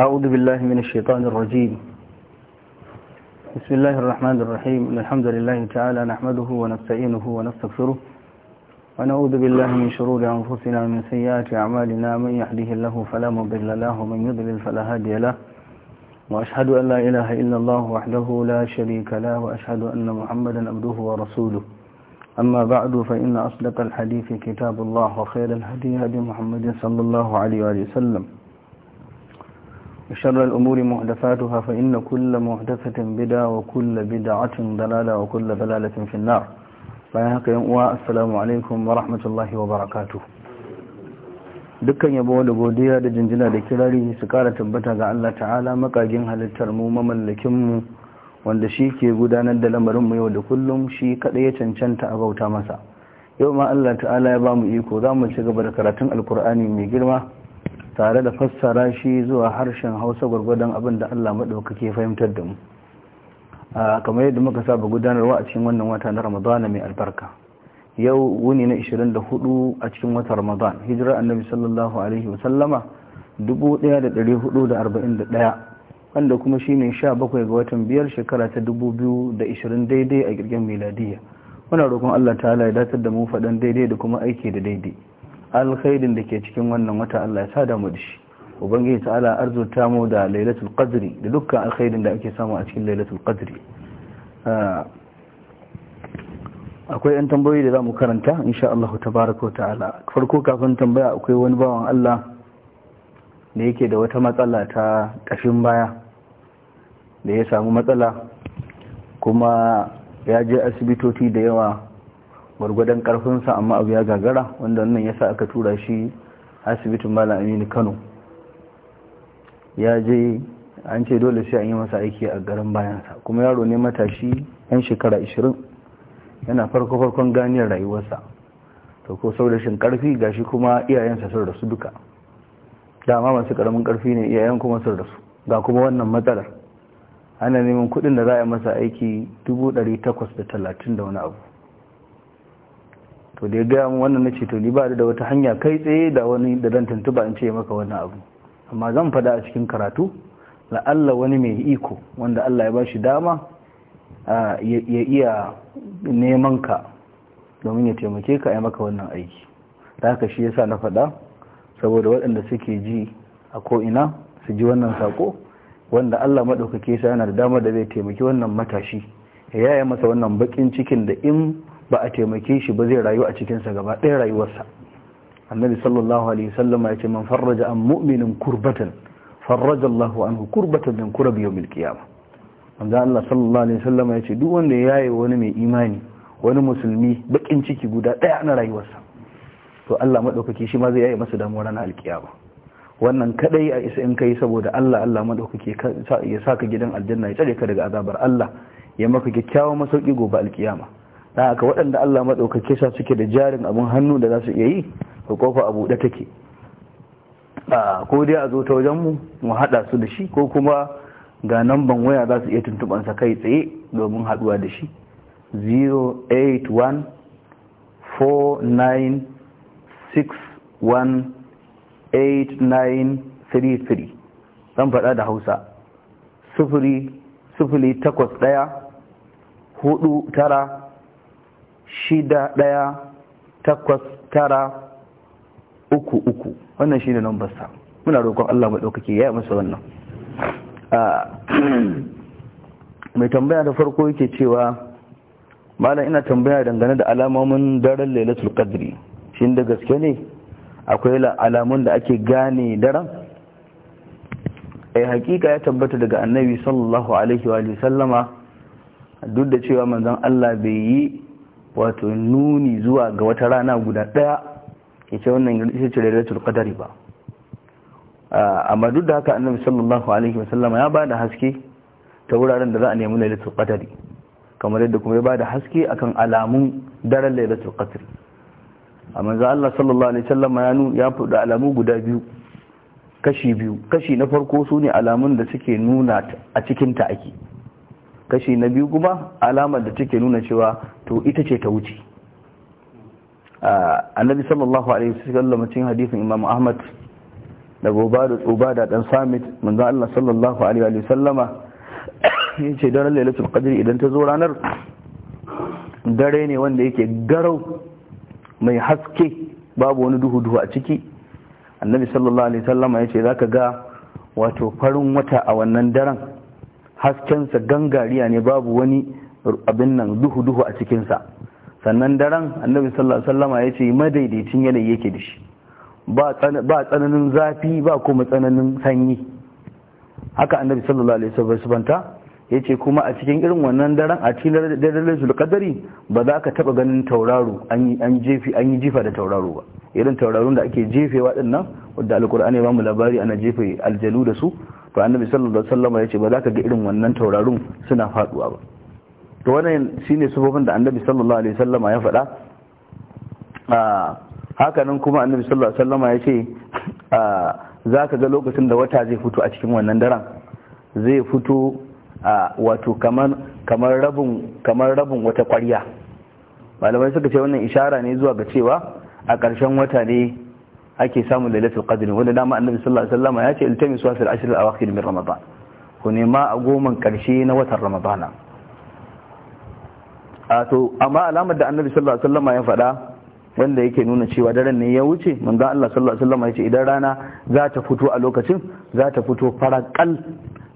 أعوذ بالله من الشيطان الرجيم بسم الله الرحمن الرحيم الحمد لله تعالى نحمده ونستعينه ونستغفره ونعوذ بالله من شرور أنفسنا ومن سيئات أعمالنا من يهده الله فلا مضل له ومن يضلل فلا هادي له وأشهد أن لا إله إلا الله وحده لا شريك له وأشهد أن محمدا عبده ورسوله أما بعد فإن أصدق الحديث كتاب الله وخير الهدي هدي محمد صلى الله عليه وآله وسلم وشر الأمور محدثاتها فإن كل محدثة بدا وكل بدعة ضلالة وكل ضلالة في النار فيهك يمقوى السلام عليكم ورحمة الله وبركاته dukkan yabo da godiya da jinjina da kirari su kara tabbata ga Allah ta'ala makagin halittar mu mamallakin mu wanda shi ke gudanar da lamarin mu yau da kullum shi kadai ya cancanta a bauta masa yau ma Allah ta'ala ya ba mu iko za mu ci gaba da karatun alkur'ani mai girma tare da fassara shi zuwa harshen hausa gwargwadon abin da allah maɗaukaki fahimtar da mu kamar yadda muka saba gudanarwa a cikin wannan wata na ramadan mai albarka yau wuni na 24 a cikin watan ramadan hijira annabi sallallahu alaihi wasallama 1441 wanda kuma shi shine 17 ga watan biyar shekara ta 2020 daidai a girgin miladiya muna roƙon allah ta ya datar da mu faɗan daidai da kuma aiki da daidai alkhairin da ke cikin wannan wata Allah ya sada mu da shi ubangiji ta'ala arzuta mu da lailatul qadri da dukkan alkhairin da ake samu a cikin lailatul qadri ah, akwai yan tambayoyi da zamu karanta insha Allah tabaaraka wa ta'ala farko kafin tambaya akwai wani bawan Allah da yake da wata matsala ta kashin baya da ya samu matsala kuma ya je asibitoci da yawa gwargwadon karfinsa amma abu ya gagara wanda wannan ya sa aka tura shi asibitin malam aminu kano ya je an ce dole sai an yi masa aiki a garin bayansa kuma yaro ne matashi yan shekara 20 yana farko-farkon ganiyar rayuwarsa to ko sau da karfi gashi kuma iyayensa sun rasu duka dama masu karamin karfi ne iyayen kuma sun rasu ga kuma wannan matsalar ana neman kudin da za a yi masa aiki 830 da wani abu to da ya gaya mu wannan na ce to ni ba da wata hanya kai tsaye da wani da zan tuntuba in ce maka wannan abu amma zan fada a cikin karatu la'alla wani mai iko wanda Allah ya bashi dama ya iya neman ka domin ya taimake ka ya maka wannan aiki da haka shi yasa na fada saboda waɗanda suke ji a ko'ina su ji wannan sako wanda Allah maɗaukake sa yana da dama da zai taimaki wannan matashi ya yaya masa wannan bakin cikin da in ba a taimake shi ba zai rayu a cikinsa gaba ɗaya rayuwarsa annabi sallallahu alaihi wasallam ya ce man farraja an mu'minin kurbatan farraja Allahu anhu kurbatan min kurabi yawmil qiyama manzo Allah sallallahu alaihi wasallam ya ce duk wanda ya yaye wani mai imani wani musulmi bakin ciki guda ɗaya na rayuwarsa to Allah madaukaki shi ma zai yi masa damuwar ranar alkiyama wannan kadai a isa in kai saboda Allah Allah madaukaki ya saka gidan aljanna ya tsare ka daga azabar Allah ya maka kyakkyawan masauki gobe alkiyama da aka waɗanda Allah maɗaukake sa suke da jarin abin hannu da za su iya yi ko kofa a buɗe take ko dai a zo ta wajen mu mu haɗa su da shi ko kuma ga namban waya za su iya tuntubansa kai tsaye domin haɗuwa da shi 08149618933 zan faɗa da hausa sufuri takwas ɗaya hudu tara shida ɗaya takwas tara uku uku wannan shi ne nambarsa muna roƙon Allah mai ɗaukaki ya yi masa wannan ah, mai tambaya da farko yake cewa malam ina tambaya dangane da alamomin daren lailatul qadri shin da gaske ne akwai alamun da ake gane daren ai eh, hakika ya tabbata daga annabi sallallahu alaihi wa sallama duk da cewa manzon Allah bai yi wato nuni zuwa ga wata rana guda ɗaya ce wannan ita ce lailatul qadari ba amma duk da haka annabi sallallahu alaihi wasallama ya ba da haske ta wuraren da za a nemi lailatul qadari kamar yadda kuma ya ba da haske akan alamun daren lailatul qadri amma za Allah sallallahu alaihi wasallama ya nu ya fuda alamu guda biyu kashi biyu kashi na farko su ne alamun da suke nuna a cikin ta ake kashi na biyu kuma alamar da take nuna cewa to ita ce ta wuce annabi sallallahu alaihi wasallam cikin hadisin imam ahmad da ubada dan samit manzo Allah sallallahu alaihi wasallama yace da lailatul qadr idan ta zo ranar dare ne wanda yake garau mai haske babu wani duhu duhu a ciki annabi sallallahu alaihi wasallama yace zaka ga wato farin wata a wannan daren haskensa gangariya ne babu wani abin nan duhu duhu a cikinsa sannan daren annabi sallallahu sallama ya ce madaidaicin yanayi yake da shi ba tsananin zafi ba kuma tsananin sanyi haka annabi sallallahu alaihi wasallam ya ce kuma a cikin irin wannan daren a cikin daren zulkadari ba za ka taba ganin tauraro an yi jifa da tauraro ba irin tauraron da ake jefewa din nan wanda alkur'ani ba mu labari ana jefe aljalu da su to annabi sallallahu alaihi wasallam ya ce ba za ka ga irin wannan tauraron suna faduwa ba to wannan shine sufofin da annabi sallallahu alaihi wasallam ya faɗa hakanan kuma annabi sallallahu alaihi wasallam ya ce za ka ga lokacin da wata zai fito a cikin wannan daren zai fito a wato kamar rabin wata kwarya malamai suka ce wannan ishara ne zuwa ga cewa a ƙarshen wata ne ake samun lailatul qadr wanda dama annabi sallallahu alaihi wasallam ya ce iltamisu fil ashr al-awakhir min ramadan ku nema a goman ƙarshe na watan ramadana a to amma alamar da annabi sallallahu alaihi wasallam ya faɗa wanda yake nuna cewa daren ne ya wuce manzo Allah sallallahu alaihi wasallam ya ce idan rana za ta fito a lokacin za ta fito farakal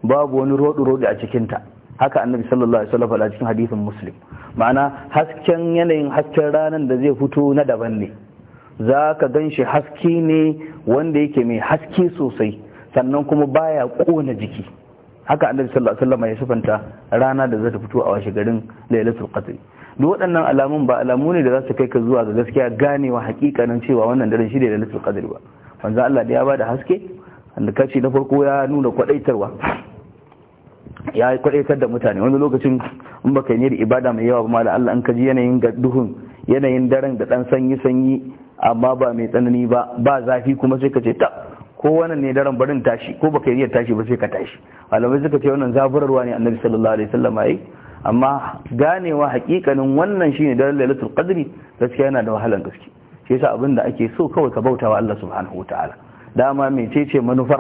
babu wani rodu rodu a cikin ta haka annabi sallallahu alaihi wasallam faɗa cikin hadisin muslim ma'ana hasken yanayin hasken ranar da zai fito na daban ne za ka gan shi haske ne wanda yake mai haske sosai sannan kuma baya kona jiki haka annabi sallallahu alaihi wasallam ya sifanta rana da za ta fito a washe garin lailatul qadr duk waɗannan alamun ba alamu ne da za su kai ka zuwa ga gaskiya ganewa hakikanin cewa wannan daren shi ne lailatul qadr ba manzo Allah da ya bada haske da kashi na farko ya nuna kwadaitarwa ya kwadaitar da mutane wani lokacin in baka yi ibada mai yawa ba da Allah an kaji yanayin duhun yanayin daren da dan sanyi sanyi amma ba mai tsanani ba ba zafi kuma sai ka ce ta ko wannan ne daren barin tashi ko baka yi tashi ba sai ka tashi malamai suka ce wannan zaburarwa ne annabi sallallahu alaihi wasallam amma ganewa hakikanin wannan shine daren lailatul qadri gaskiya yana da wahalan gaske shi yasa abin da ake so kawai ka bautawa Allah subhanahu wataala dama mecece manufar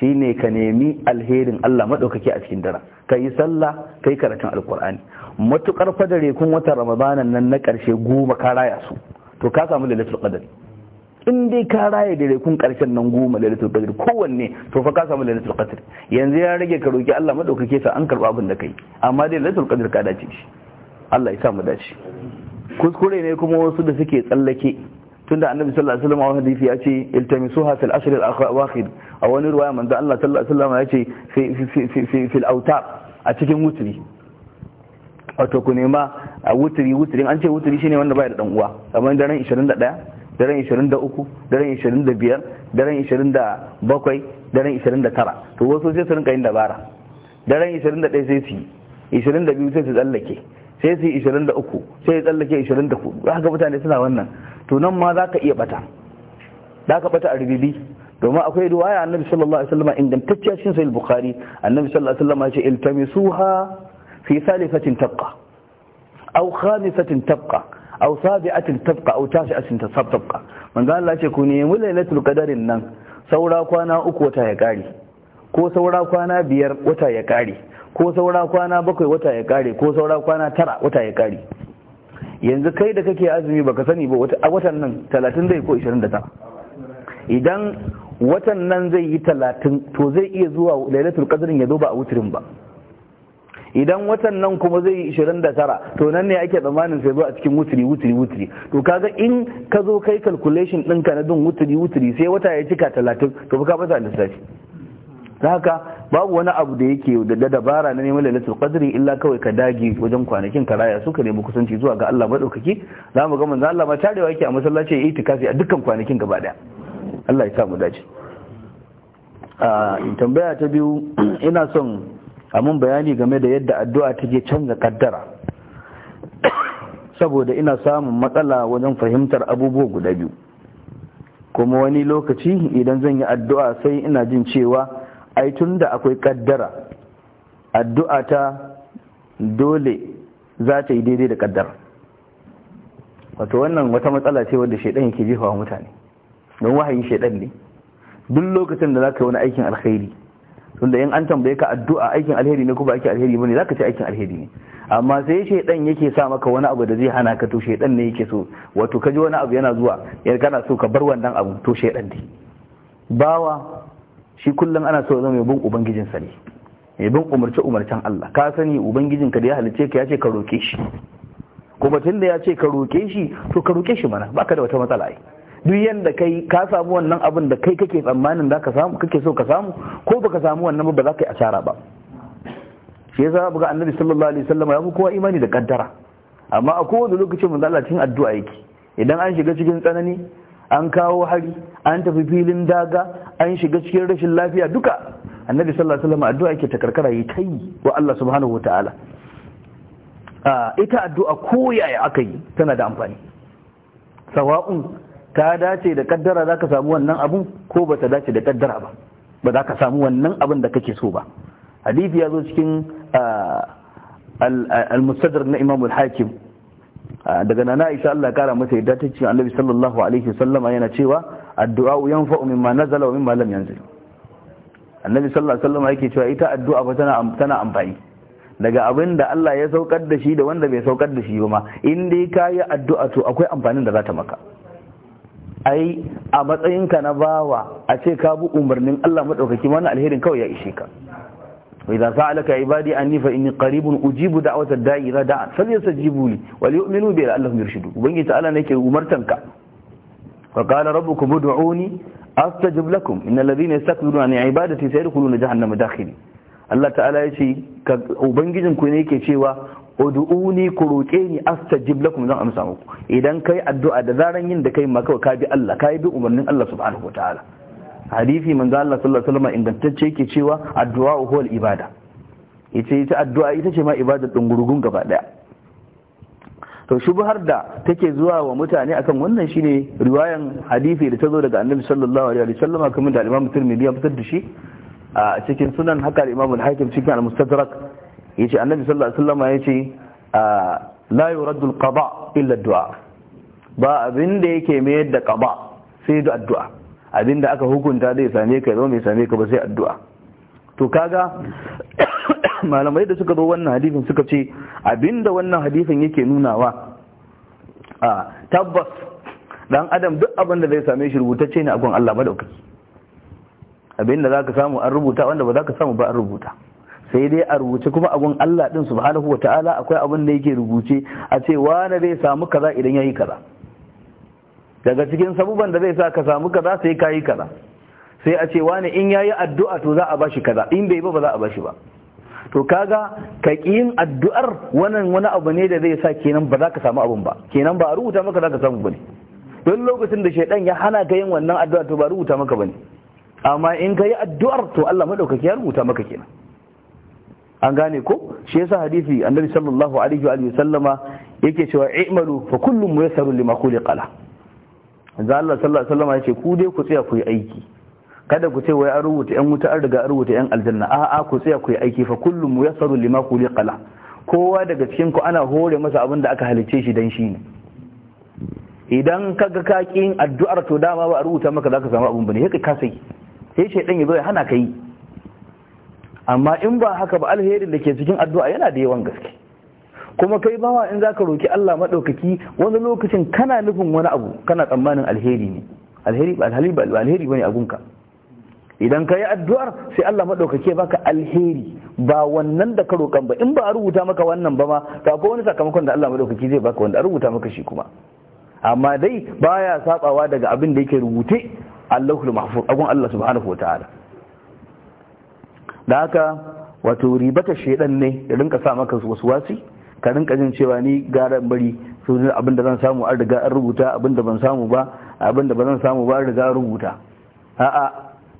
shine ka nemi alherin Allah madaukaki a cikin daren ka yi sallah kai karatun alkur'ani matukar fadare kun watan ramadanan nan na karshe goma ka raya su to ka samu lailatul qadri in dai ka raye da rekun karshen nan goma lalatul qadr kowanne to fa ka samu lalatul qadr yanzu ya rage ka roki Allah madaukake sa an karba abin da kai amma dai lalatul qadr ka dace shi Allah ya sa mu dace kuskure ne kuma wasu da suke tsallake tunda annabi sallallahu alaihi wasallam a hadisi ya ce iltamisuha fil ashr al awakhir a wani ruwaya manzo Allah sallallahu alaihi wasallam ya ce fi fi fi fil awtab a cikin wuturi wato ku nema a wuturi wutrin an ce wuturi shine wanda bai da dan uwa kamar daren 21 daren 23 daren 25 daren 27 daren 29 to wasu sai su rinka yin dabara daren 21 sai su yi 22 sai su tsallake sai su yi 23 sai su tsallake 24 haka mutane suna wannan to nan ma za ka iya bata za ka bata a ribibi domin akwai ruwaya annabi sallallahu alaihi wasallam ingantacciya cikin sahih bukhari annabi sallallahu alaihi wasallam ya ce iltamisuha fi salifatin tabqa aw khamisatin tabqa aw sabi'atin tabqa aw tashi'atin tabqa manzo Allah ce ku nemi lailatul qadarin nan saura kwana uku wata ya kare ko saura kwana biyar wata ya kare ko saura kwana bakwai wata ya kare ko saura kwana tara wata ya kare yanzu kai da kake azumi baka sani ba a watan nan talatin zai ko 29 da idan watan nan zai yi talatin to zai iya zuwa lailatul qadarin ya zo ba a wutirin ba idan watan nan kuma zai yi 29 to nan ne ake tsammanin sai zo a cikin wuturi wuturi wuturi to kaga in ka zo kai calculation ɗinka na bin wuturi wuturi sai wata ya cika 30 to ka bata lissafi haka babu wani abu da yake da dabara na neman lailatul qadri illa kawai ka dage wajen kwanakin ka raya su ka nemi kusanci zuwa ga Allah madaukaki mu ga manzo Allah ma tarewa yake a masallaci yayi itikafi a dukkan kwanakin gaba daya Allah ya sa mu dace a ah, tambaya ta biyu ina son A amin bayani game da yadda addu'a take canza kaddara saboda ina samun matsala wajen fahimtar abubuwa guda biyu kuma wani lokaci idan zan yi addu'a sai ina jin cewa ai tun da akwai kaddara addu'a ta dole za ta yi daidai da kaddara wato wannan wata matsala ce wanda shaidan yake jefa wa mutane don wahayin shaidan ne duk lokacin da za ka yi wani aikin alkhairi tunda in an tambaye ka addu'a aikin alheri ne ko ba aikin alheri bane zaka ce aikin alheri ne amma sai dan yake sa maka wani abu da zai hana ka to dan ne yake so wato kaji wani abu yana zuwa yar kana so ka bar wannan abu to dan ne bawa shi kullum ana so zama yabon ubangijin sa ne bin umarce umarcen Allah ka sani ubangijin ka da ya halice ka ya ce ka roke shi kuma tunda ya ce ka roke shi to ka roke shi mana baka da wata matsala ai duk yadda kai ka samu wannan abin da kai kake tsammanin da ka kake so ka samu ko baka samu wannan ba za ka yi asara ba shi yasa buga annabi sallallahu alaihi wasallam ya fi kowa imani da kaddara amma a kowane lokacin manzo Allah cikin addu'a yake idan an shiga cikin tsanani an kawo hari an tafi filin daga an shiga cikin rashin lafiya duka annabi sallallahu alaihi wasallam addu'a yake ta karkara yi kai wa Allah subhanahu wataala ah, ita addu'a ko yaya aka yi tana da amfani sawa'un ta dace da kaddara za ka samu wannan abun ko ba ta dace da kaddara ba ba za ka samu wannan abin da kake so ba hadisi ya zo cikin al-mustadrak na imam al-hakim daga nana aisha Allah ya kara masa yadda ta ce annabi sallallahu alaihi wasallama yana cewa addu'a yanfa'u mimma nazala wa mimma lam yanzil annabi sallallahu alaihi wasallama yake cewa ita addu'a ba tana tana amfani daga abin da Allah ya saukar da shi da wanda bai saukar da shi ba ma in dai kayi addu'a to akwai amfanin da za ta maka ai a matsayinka na bawa a ce ka bi umarnin Allah madaukaki wannan alherin kawai ya ishe ka wa idza sa'alaka ibadi anni fa inni qaribun ujibu da'wata da'i idza da'a falyastajibu li wal yu'minu bi la'allahum yurshidu ubangiji ta'ala ne yake umartanka wa qala rabbukum ud'uni astajib lakum innal ladhina yastakbiruna an ibadati sayadkhuluna jahannama dakhili Allah ta'ala yace ku ne yake cewa ud'uni ku roƙe ni astajib lakum zan amsa muku idan kai addu'a da zaran yin da kai ma kawai ka bi Allah ka bi umarnin Allah subhanahu wataala hadisi manzo Allah sallallahu alaihi wasallam ingantacce yake cewa addu'a huwal ibada ita ita addu'a ita ce ma ibada gurgun gaba daya to shubhar da take zuwa wa mutane akan wannan shine riwayan hadisi da ta zo daga annabi sallallahu alaihi wasallam kuma da imam Tirmidhi ya fitar da shi a cikin sunan haka imam al-Hakim cikin al-Mustadrak yace annabi sallallahu alaihi wasallam yace la yuraddu alqada illa addu'a dua ba abin da yake mayar da qada sai da addu'a abin da aka hukunta zai same ka zo mai same ka ba sai addu'a to kaga malamai da suka zo wannan hadisin suka ce abinda wannan hadisin yake nunawa a tabbas dan adam duk abin da zai same shi rubutacce ne a gun Allah madaukaki da zaka samu an rubuta wanda ba zaka samu ba an rubuta sai dai a rubuce kuma abun Allah din subhanahu wa ta'ala akwai abun da yake rubuce a ce wane zai samu kaza idan yayi kaza daga cikin sabuban da zai sa ka samu kaza sai kayi kaza sai a ce wane in yayi addu'a to za a bashi kaza in bai ba ba za a bashi ba to kaga ka yin addu'ar wannan wani abu ne da zai sa kenan ba za ka samu abun ba kenan ba a rubuta maka za ka samu bane don lokacin da shaidan ya hana ka yin wannan addu'a to ba rubuta maka bane amma in ka yi addu'ar to Allah madaukaki ya rubuta maka kenan an gane ko shi yasa hadisi annabi sallallahu alaihi wa sallama yake cewa i'malu fa kullu muyassarun lima khuliqa la manzo Allah sallallahu alaihi wa sallama yace ku dai ku tsaya ku yi aiki kada ku ce wai an rubuta yan wuta an riga an rubuta yan aljanna a'a ku tsaya ku yi aiki fa kullu muyassarun lima khuliqa la kowa daga cikin ku ana hore masa abin da aka halicce shi dan shi ne idan kaga ka yin addu'ar to dama ba a rubuta maka zaka samu abun bane sai ka kasai sai shaydan ya zo ya hana ka yi amma in ba haka ba alherin da ke cikin addu'a yana da yawan gaske kuma kai bawa in zaka roki Allah madaukaki wani lokacin kana nufin wani abu kana tsammanin alheri ne alheri ba alheri ba alheri bane abunka idan ka addu'ar sai Allah maɗaukake baka alheri ba wannan da ka roƙan ba in ba a rubuta maka wannan ba ma ta ko wani sakamakon da Allah madaukaki zai baka wanda a rubuta maka shi kuma amma dai baya sabawa daga abin da yake rubute Allahul Mahfuz agun Allah subhanahu wa ta'ala da haka wato ribata shedan ne ya rinka sa maka wasu wasi ka rinka jin cewa ni gara bari su ne abin da zan samu an riga an rubuta abin da ban samu ba abin da ba zan samu ba an riga an rubuta a'a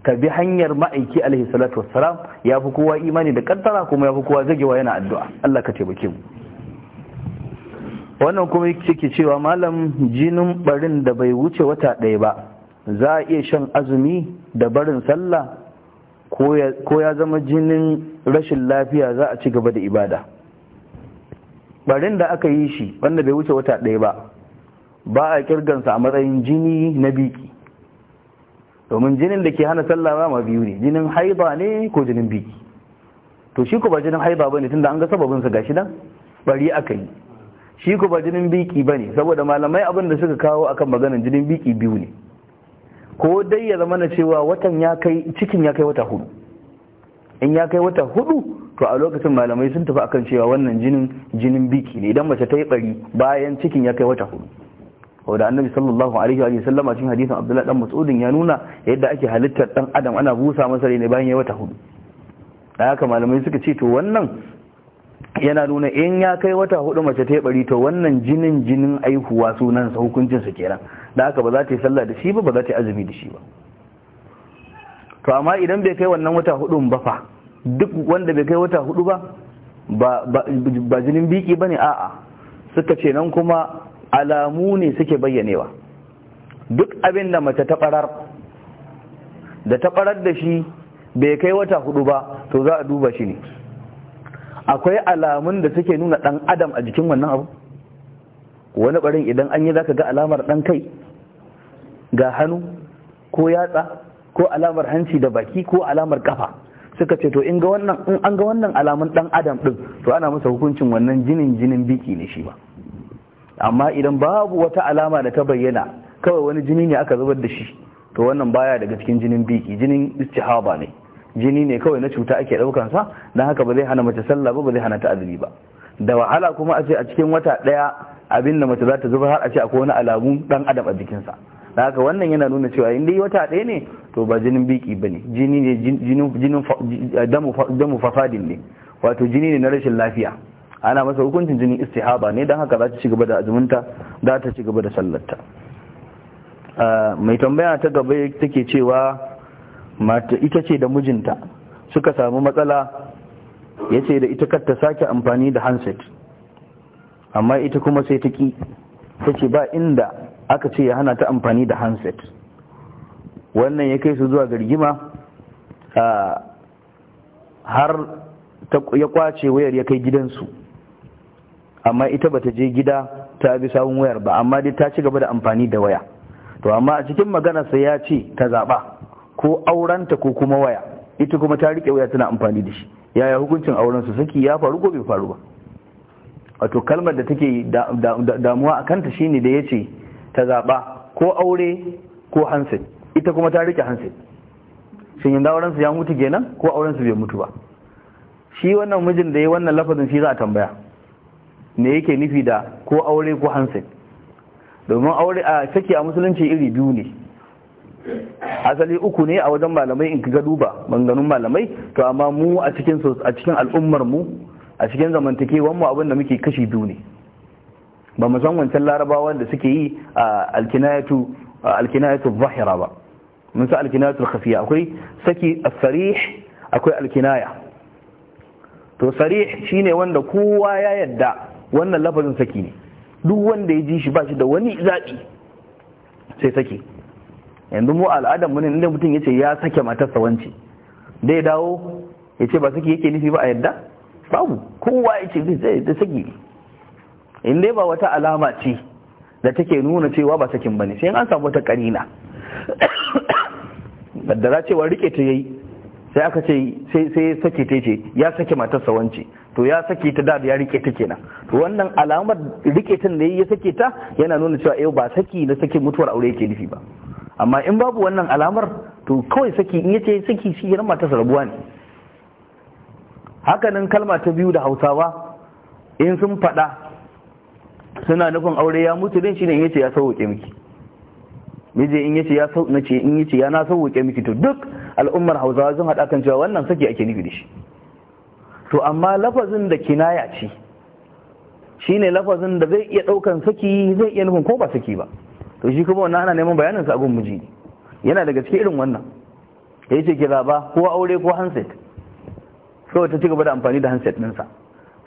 ka bi hanyar ma'aiki alaihi salatu wassalam ya fi kowa imani da kaddara kuma ya fi kowa zagewa yana addu'a Allah ka taimake mu wannan kuma yake cewa malam jinin barin da bai wuce wata ɗaya ba za a iya shan azumi da barin sallah ko ya zama jinin rashin lafiya za a ci gaba da ibada barin da aka yi shi wanda bai wuce wata ɗaya ba ba a kirgansa a matsayin jini na biki domin jinin da ke hana sallah ma biyu ne jinin haiba ne ko jinin biki to shi ko ba jinin haiba bane tunda an ga sababin sa gashi nan bari aka yi shi ko ba jinin biki bane saboda malamai abin da suka kawo akan maganar jinin biki biyu ne ko dai ya zama na cewa watan ya kai cikin ya kai wata hudu in ya kai wata hudu to a lokacin malamai sun tafi akan cewa wannan jinin jinin biki ne idan mace ta yi bari bayan cikin ya kai wata hudu da annabi sallallahu alaihi wa sallam a cikin hadisin abdullahi dan mas'udin ya nuna yadda ake halittar dan adam ana busa masa ne bayan ya wata hudu da haka malamai suka ce to wannan yana nuna in ya kai wata hudu mace ta bari to wannan jinin jinin aihuwa sunan sa hukuncin sa kenan da haka ba za ta yi sallah da shi ba ba za ta yi azumi da shi ba to amma idan bai kai wannan wata hudu ba fa duk wanda bai kai wata hudu ba ba jinin biki bane a'a suka ce nan kuma alamu ne suke bayyanewa duk abin da mace ta barar da ta farar da shi bai kai wata hudu ba to za a duba shi ne akwai alamun da suke nuna dan adam a jikin wannan abu wani barin idan an yi zaka ga alamar dan kai ga hannu ko yatsa ko alamar hanci da baki ko alamar kafa suka ce to in ga wannan in an ga wannan alamun ɗan adam ɗin to ana masa hukuncin wannan jinin jinin biki ne shi ba amma idan babu wata alama da ta bayyana kawai wani jini ne aka zubar da shi to wannan baya daga cikin jinin biki jinin istihaba ne jini ne kawai na cuta ake ɗaukansa don haka ba zai hana mace sallah ba ba zai hana ta azumi ba da wahala kuma a ce a cikin wata ɗaya abin da mace za ta zuba har a ce akwai wani alamu ɗan adam a jikinsa da haka wannan yana nuna cewa in dai wata ɗaya ne to ba jinin biki ba ne jini ne jinin damu fasadin ne wato jini ne na rashin lafiya ana masa hukuncin jinin istihaba ne don haka za ta ci gaba da azuminta za ta ci gaba da sallarta ah, mai tambaya ta gaba take cewa mata ita ce da mijinta suka samu matsala ya ce da ita kar ta sake amfani da hanset, amma ita kuma sai ta ki ta ce ba inda aka ce ya hana ta amfani da hanset. wannan ya kai su zuwa gargima har ya kwace wayar ya kai gidansu amma ita bata je gida ta bi sabon wayar ba amma dai ta ci gaba da amfani da waya to amma a cikin maganarsa ya ce ta zaɓa ko aurenta ko kuma waya ita kuma ta rike waya tana amfani da shi yaya hukuncin auren su saki ya faru ko bai faru ba wato kalmar da take damuwa a kanta shine da yace ta zaba ko aure ko hansi, ita kuma ta rike hansi. shin yanda auren su ya mutu kenan ko auren su bai mutu ba shi wannan mijin da ya wannan lafazin shi za a tambaya me yake nufi da ko aure ko hansi? domin aure a saki a musulunci iri biyu ne asali uku ne a wajen malamai in kaga duba manganun malamai to amma mu a cikin a cikin al'ummar mu a cikin zamantakewar mu abin da muke kashi biyu ne ba mu san wancan larabawa da suke yi a alkinayatu alkinayatu zahira ba mun sa alkinayatu khafiya akwai saki as-sarih akwai alkinaya to sarih shine wanda kowa ya yadda wannan lafazin saki ne duk wanda ya ji shi ba shi da wani zaɓi sai saki yanzu mu al'adar mu ne inda mutum yace ya sake matarsa wance dai dawo yace ba saki yake nufi ba a yadda babu kowa yace zai da saki in dai ba wata alama ce da take nuna cewa ba sakin bane sai an samu wata karina Baddara cewa rike ta yayi sai aka ce sai sai sake ta ce ya sake matarsa wance to ya sake ta da ya rike ta kenan to wannan alamar rike ta ne ya sake ta yana nuna cewa eh ba saki na sake mutuwar aure yake nufi ba amma in babu wannan alamar to kawai saki in yace saki shi ran mata sarbuwa ne hakanan kalma ta biyu da hausawa in sun faɗa suna nufin aure ya mutu din ne in yace ya sauke miki miji in yace ya sauke nace in yace ya na sauke miki to duk al'ummar hausawa sun haɗa kan cewa wannan saki ake nufi da shi to amma lafazin da kinaya ce shine lafazin da zai iya ɗaukan saki zai iya nufin ko ba saki ba to shi kuma wannan ana neman bayanin sa gun miji yana daga cikin irin wannan ya ce ki raba ko aure ko handset so ta ci gaba da amfani da handset ɗinsa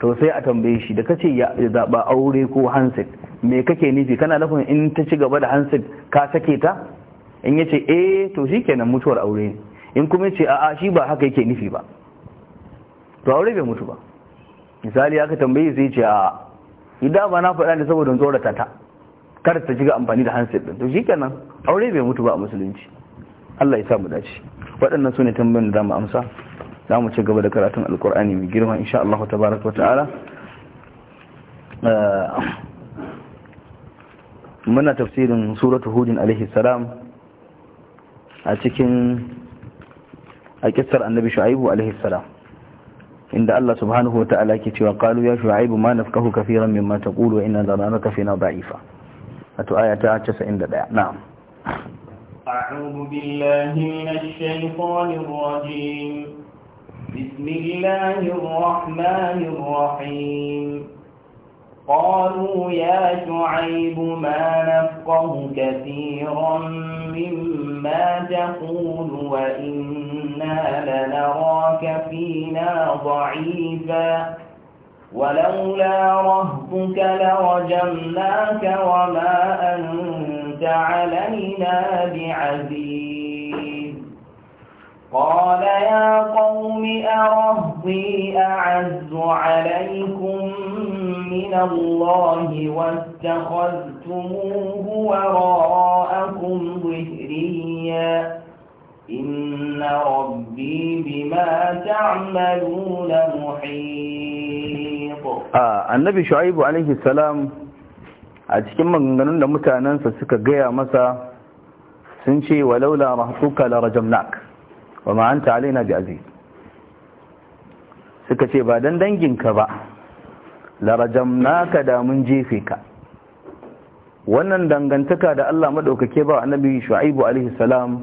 to sai a tambaye shi da kace ya zaba aure ko handset me kake nufi kana nufin in ta ci gaba da handset ka sake ta in yace eh to shikenan mutuwar aure in kuma yace a'a shi ba haka yake nufi ba to aure bai mutu ba misali ka tambaye sai ce a idan ba na faɗa ne saboda tsorata ta kada ta shiga amfani da handset din to shikenan aure bai mutu ba a musulunci Allah ya sa mu dace waɗannan sune tambayoyin da mu amsa za mu ci gaba da karatun alkur'ani mai girma insha Allah tabaraka ta'ala. Eh, muna tafsirin suratu hudin alaihi salam a cikin a kissar annabi shu'aibu alaihi salam inda Allah subhanahu wa ta'ala ke cewa qalu ya shu'aibu ma nafqahu kaseeran mimma taqulu wa inna dhanaka fina da'ifa آية aya ta 91 نعم أعوذ بالله من الشيطان الرجيم بسم الله الرحمن الرحيم قالوا يا شعيب ما نفقه كثيرا مما تقول وإنا لنراك فينا ضعيفا ولولا رهبك لرجمناك وما أنت علينا بعزيز قال يا قوم أرهبي أعز عليكم من الله واتخذتموه وراءكم ظهريا إن ربي بما تعملون محيط annabi shu'aibu alaihi salam a cikin maganganun da mutanensa suka gaya masa sun ce walaula rahtuka la rajamnak wa ma anta alaina bi aziz suka ce ba dan danginka ba la rajamnaka da mun jefe ka wannan dangantaka da Allah madaukake ba annabi shu'aibu alaihi salam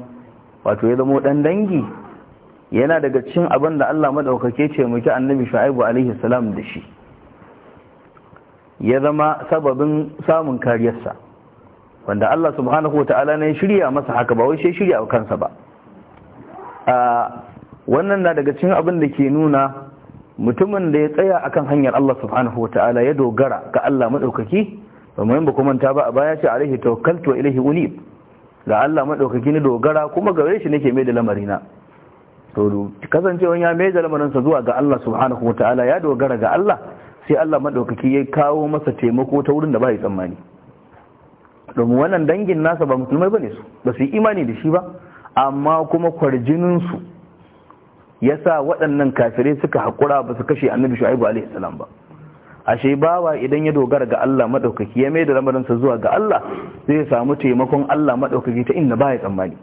wato ya zama dan dangi yana daga cikin abin da Allah madaukake ce muke annabi shu'aibu alaihi salam da shi ya zama sababin samun kariyarsa wanda Allah subhanahu wa ta'ala ne shirya masa haka ba wai shi shirya wa kansa ba wannan na daga cikin abin da ke nuna mutumin da ya tsaya akan hanyar Allah subhanahu wa ta'ala ya dogara ga Allah madaukaki kamar ba kuma ta ba a baya ce alaihi tawakkaltu wa ilaihi unib ga Allah madaukaki ne dogara kuma gare shi nake mai da lamarina to kasancewa ya mai da lamarinsa zuwa ga Allah subhanahu wa ta'ala ya dogara ga Allah sai Allah madaukaki ya kawo masa taimako ta wurin da ba ya tsammani domin wannan dangin nasa ba musulmai bane su ba su yi imani da shi ba amma kuma kwarjinin su yasa waɗannan kafirai suka haƙura ba su kashe annabi shu'aibu alaihi salam ba ashe bawa idan ya dogara ga Allah madaukaki ya mai da lamarinsa zuwa ga Allah zai samu taimakon Allah madaukaki ta inda baya tsammani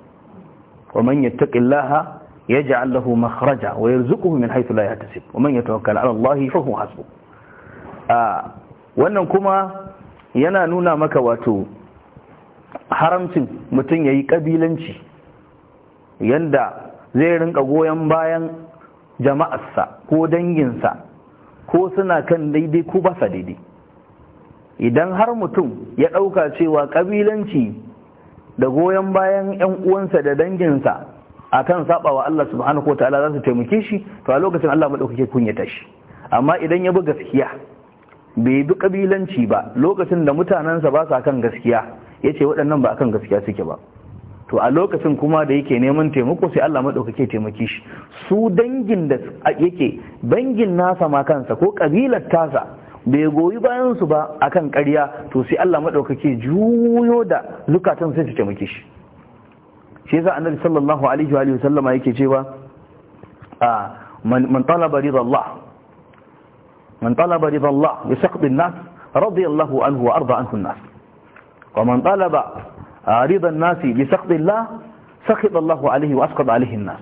wa man yattaqillaha yaj'al lahu makhraja wa yarzuquhu min haythu la yahtasib wa man yatawakkal 'ala Allah fa huwa hasbuh a wannan kuma yana nuna maka wato haramcin mutum ya yi ƙabilanci yadda zai rinka goyon bayan jama'arsa ko danginsa ko suna kan daidai ko basa daidai idan har mutum ya ɗauka cewa ƙabilanci da goyon bayan 'yan uwansa da danginsa a kan saɓawa Allah subhanahu wa ta'ala za su taimake shi to a lokacin Allah maɗaukake kunyata shi amma idan ya bi gaskiya bai bi kabilanci ba lokacin da mutanensa ba sa kan gaskiya ya ce waɗannan ba kan gaskiya suke ba to a lokacin kuma da yake neman taimako sai Allah maɗaukake taimaki shi su dangin da yake dangin nasa ma kansa ko kabilar tasa bai goyi bayansu su ba akan ƙarya to sai Allah maɗaukake juyo da zukatan sai su taimaki shi shi yasa annabi sallallahu alaihi wa sallama yake cewa ah, man talaba Allah من طلب رضا الله بسخط الناس رضي الله عنه وأرضى عنه الناس ومن طلب رضا الناس بسخط الله سخط الله عليه وأسقط عليه الناس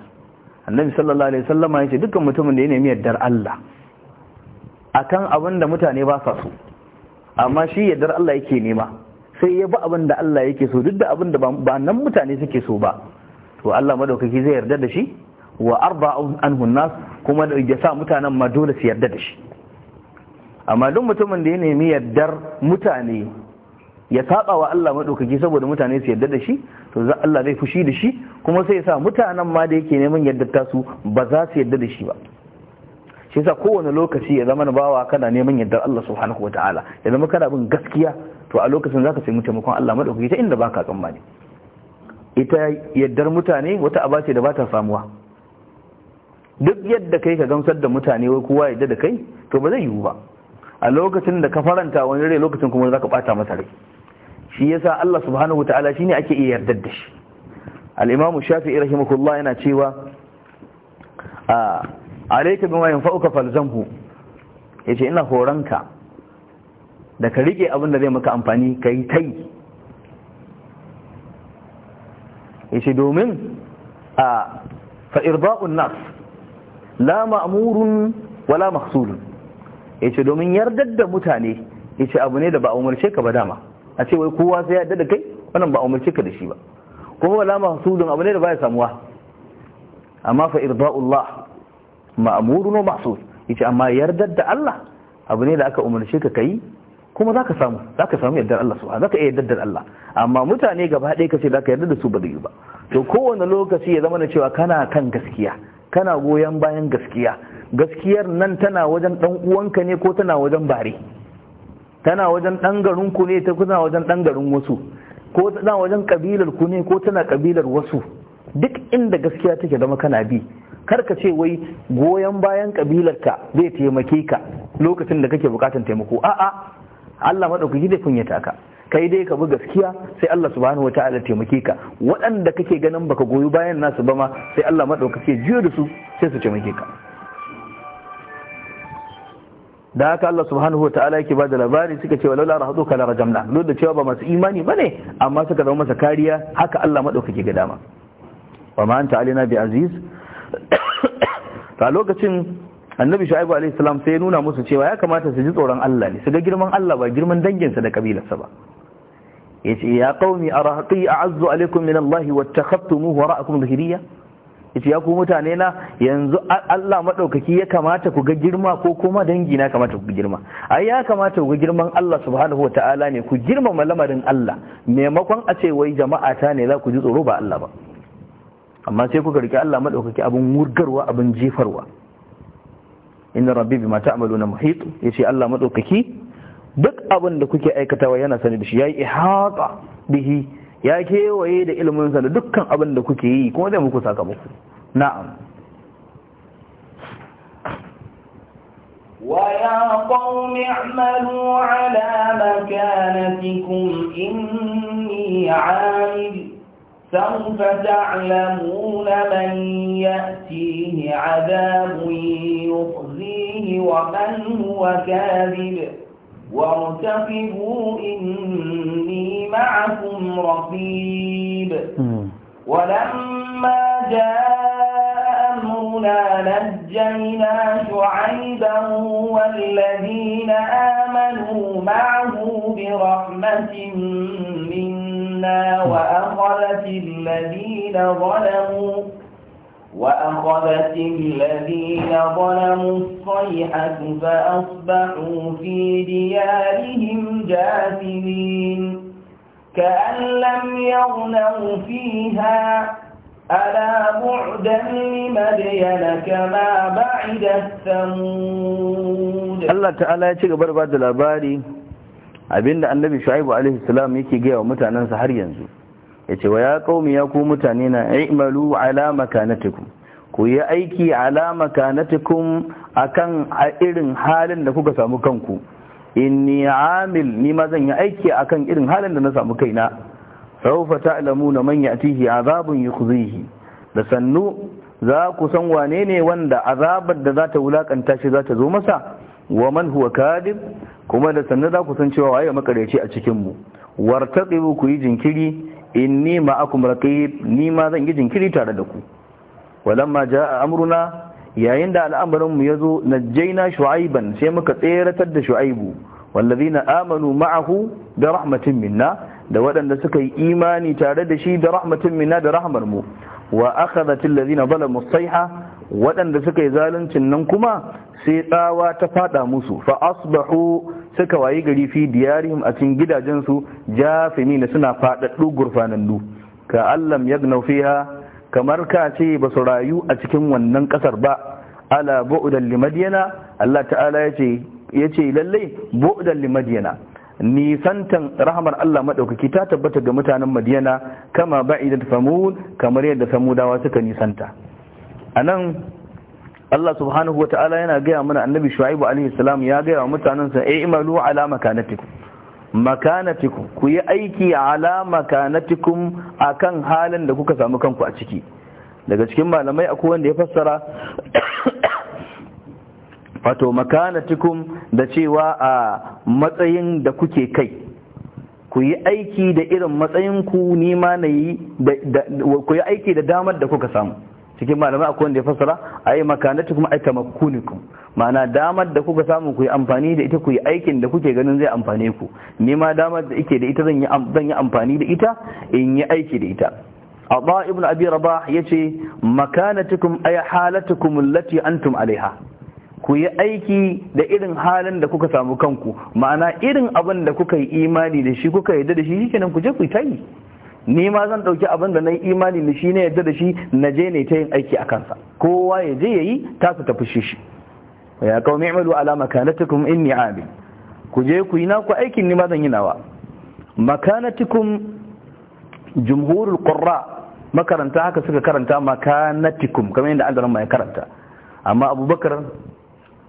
annabi sallallahu alaihi wasallama yace dukkan mutumin da ya nemi yardar Allah akan abin da mutane ba sa so amma shi yardar Allah yake nema sai ya bi abin da Allah yake so duk da abin da ba nan mutane suke so ba to Allah madaukaki zai yarda da shi wa arba anhu nas kuma ya sa mutanen ma dole su yarda da shi amma duk mutumin da ya nemi yaddar mutane ya saba wa Allah madaukaki saboda mutane su yadda da shi to za Allah zai fushi da shi kuma sai ya sa mutanen ma da yake neman yadda ta su ba za su yadda da shi ba shi yasa kowane lokaci ya zama bawa kana neman yaddar Allah subhanahu wataala ya zama kana bin gaskiya to a lokacin zaka samu taimakon Allah madaukaki ta inda baka tsammani ita yaddar mutane wata aba ce da bata samuwa duk yadda kai ka gamsar da mutane wai kowa yadda da kai to ba zai yiwu ba a lokacin da ka faranta wani rai lokacin kuma za ka bata masa rai shi yasa Allah subhanahu ta'ala shine ake iya yarda da shi al-imamu shafi'i rahimahullah yana cewa a alayka bima yanfa'uka falzamhu yace ina horanka da ka rike abin da zai maka amfani kai kai yace domin a fa irda'un nas la ma'murun wala mahsulun yace domin yardar da mutane yace abu ne da ba a umarce ka ba dama a ce wai kowa sai ya yarda da kai wannan ba a umarce ka da shi ba kuma wala mahsudun abu ne da ya samuwa amma fa irda'ullah ma'murun wa mahsud yace amma yardar da Allah abu ne da aka umarce ka kai kuma zaka samu zaka samu yardar Allah Za zaka iya yardar Allah amma mutane gaba ɗaya kace zaka yarda da su ba zai ba to kowane lokaci ya zama na cewa kana kan gaskiya kana goyon bayan gaskiya gaskiyar nan tana wajen ɗan uwanka ne ko tana wajen bare tana wajen ɗan garinku ne ta kuna wajen ɗan garin wasu ko tana wajen ƙabilar ku ne ko tana ƙabilar wasu duk inda gaskiya take zama kana bi kar ka ce wai goyon bayan ƙabilarka zai taimake ka lokacin da kake buƙatar taimako a'a Allah maɗaukaki zai kunyata ka kai dai ka bi gaskiya sai Allah subhanahu wataala taimake ka waɗanda kake ganin baka goyi bayan nasu ba ma sai Allah maɗaukaki ya jiyo da su sai su taimake ka da haka Allah subhanahu wa ta'ala yake bada labari suka ce walaula rahduka la rajamna duk da cewa ba masu imani bane amma suka zama masa kariya haka Allah madaukake ga dama wa ma anta alina bi aziz ta lokacin annabi shu'aibu alaihi salam sai ya nuna musu cewa ya kamata su ji tsoron Allah ne su ga girman Allah ba girman sa da kabilarsa ba yace ya qaumi arahqi a'azzu alaikum min Allah wattakhadtumuhu wara'akum dhahiriya yace ya ku mutane na yanzu Allah madaukaki ya kamata ku ga girma ko kuma dangi na kamata ku girma ai ya kamata ku ga girman Allah subhanahu wataala ne ku girmama lamarin Allah maimakon a ce wai jama'a ta ne za ku ji tsoro ba Allah ba amma sai kuka rike Allah madaukaki abin murgarwa abin jefarwa inna rabbi bima ta'maluna muhit yace Allah madaukaki duk abin da kuke aikatawa yana sani da shi yayi ihata bihi ya kewaye da ilminsa da dukkan abin da kuke yi kuma zai muku sakamako na'am waya kawmi amalu ala makanatikum inni amil سوف تعلمون من يأتيه عذاب يخزيه ومن هو كاذب وارتقبوا إني معكم رقيب ولما جاء أمرنا نجينا شعيبا والذين آمنوا معه برحمة منا وأخذت الذين ظلموا وأخذت الذين ظلموا الصيحة فأصبحوا في ديارهم جاثمين كأن لم يغنوا فيها ألا بعدا لمدين كما بعد الثمود الله تعالى يتكبر بعد الأباري abinda annabi shu'aibu alaihi salam yake gaya wa mutanansa har yanzu Ya ce wa ya qaumi ya ku mutane na i'malu ala makanatikum ku yi aiki ala makanatikum akan a irin halin da kuka samu kanku inni amil ni ma zan yi aiki akan irin halin da na samu kaina sawfa ta'lamuna man ya'tihi azabun yukhzihi da sannu za ku san wane ne wanda azabar da za ta wulakanta shi za ta zo masa wa man huwa kadib kuma da sannu za ku san cewa waye makareci a cikin mu wartaqibu ku yi jinkiri inni ma'akum raqib ni ma zan yi jinkiri tare da ku walamma jaa amruna yayin da al'amarin mu yazo najjayna shu'aiban sai muka tseratar da shu'aibu wallazina amanu ma'ahu da rahmatin minna da wadanda suka yi imani tare da shi da rahmatin minna da rahmar mu wa akhadhat allazina zalamu sayha waɗanda suka yi zaluncin nan kuma sai tsawa ta fada musu fa asbahu suka wayi gari fi diyarihim a cikin gidajensu jafimina suna faɗaɗɗu gurfanannu ka allam yagnau fiha kamar ka ce ba su rayu a cikin wannan ƙasar ba ala bu'dan limadiyana Allah ta'ala yace lallai, lalle bu'dan limadiyana nisantan rahamar Allah maɗaukaki ta tabbata ga mutanen Madiyana kama ba'idat famud kamar yadda samudawa suka nisanta anan Allah subhanahu wa ta'ala yana gaya mana annabi shu'aibu alaihi salam ya gaya wa mutanansa e eh, imalu ala makanatikum makanatikum ku yi aiki ala makanatikum akan halin da kuka samu kanku a ciki daga cikin malamai akwai wanda ya fassara wato makanatikum da cewa a matsayin da kuke kai ku yi aiki da irin matsayinku nima na ku yi aiki da damar da kuka samu cikin malamai akwai wanda ya fassara ai makanatu kuma ai tamakkunikum ma'ana damar da kuka samu ku yi amfani da ita ku yi aikin da kuke ganin zai amfane ku ni ma damar da ike da ita zan yi amfani da ita in yi aiki da ita Abba ibn Abi Rabah yace makanatukum ay halatukum allati antum alaiha ku yi aiki da irin halin da kuka samu kanku ma'ana irin abin da kuka yi imani da shi kuka yarda da shi shikenan ku je ku yi tayi ni ma zan ɗauki abin da na yi imani da shi ne yadda da shi na je ne ta yin aiki a kansa kowa ya je ya yi ta ta tafi shi ya kawo alama ala in inni amin ku je ku yi naku aikin ni ma zan yi nawa makanatikum jumhurul qurra makaranta haka suka karanta makanatikum kamar yadda an ya karanta amma abubakar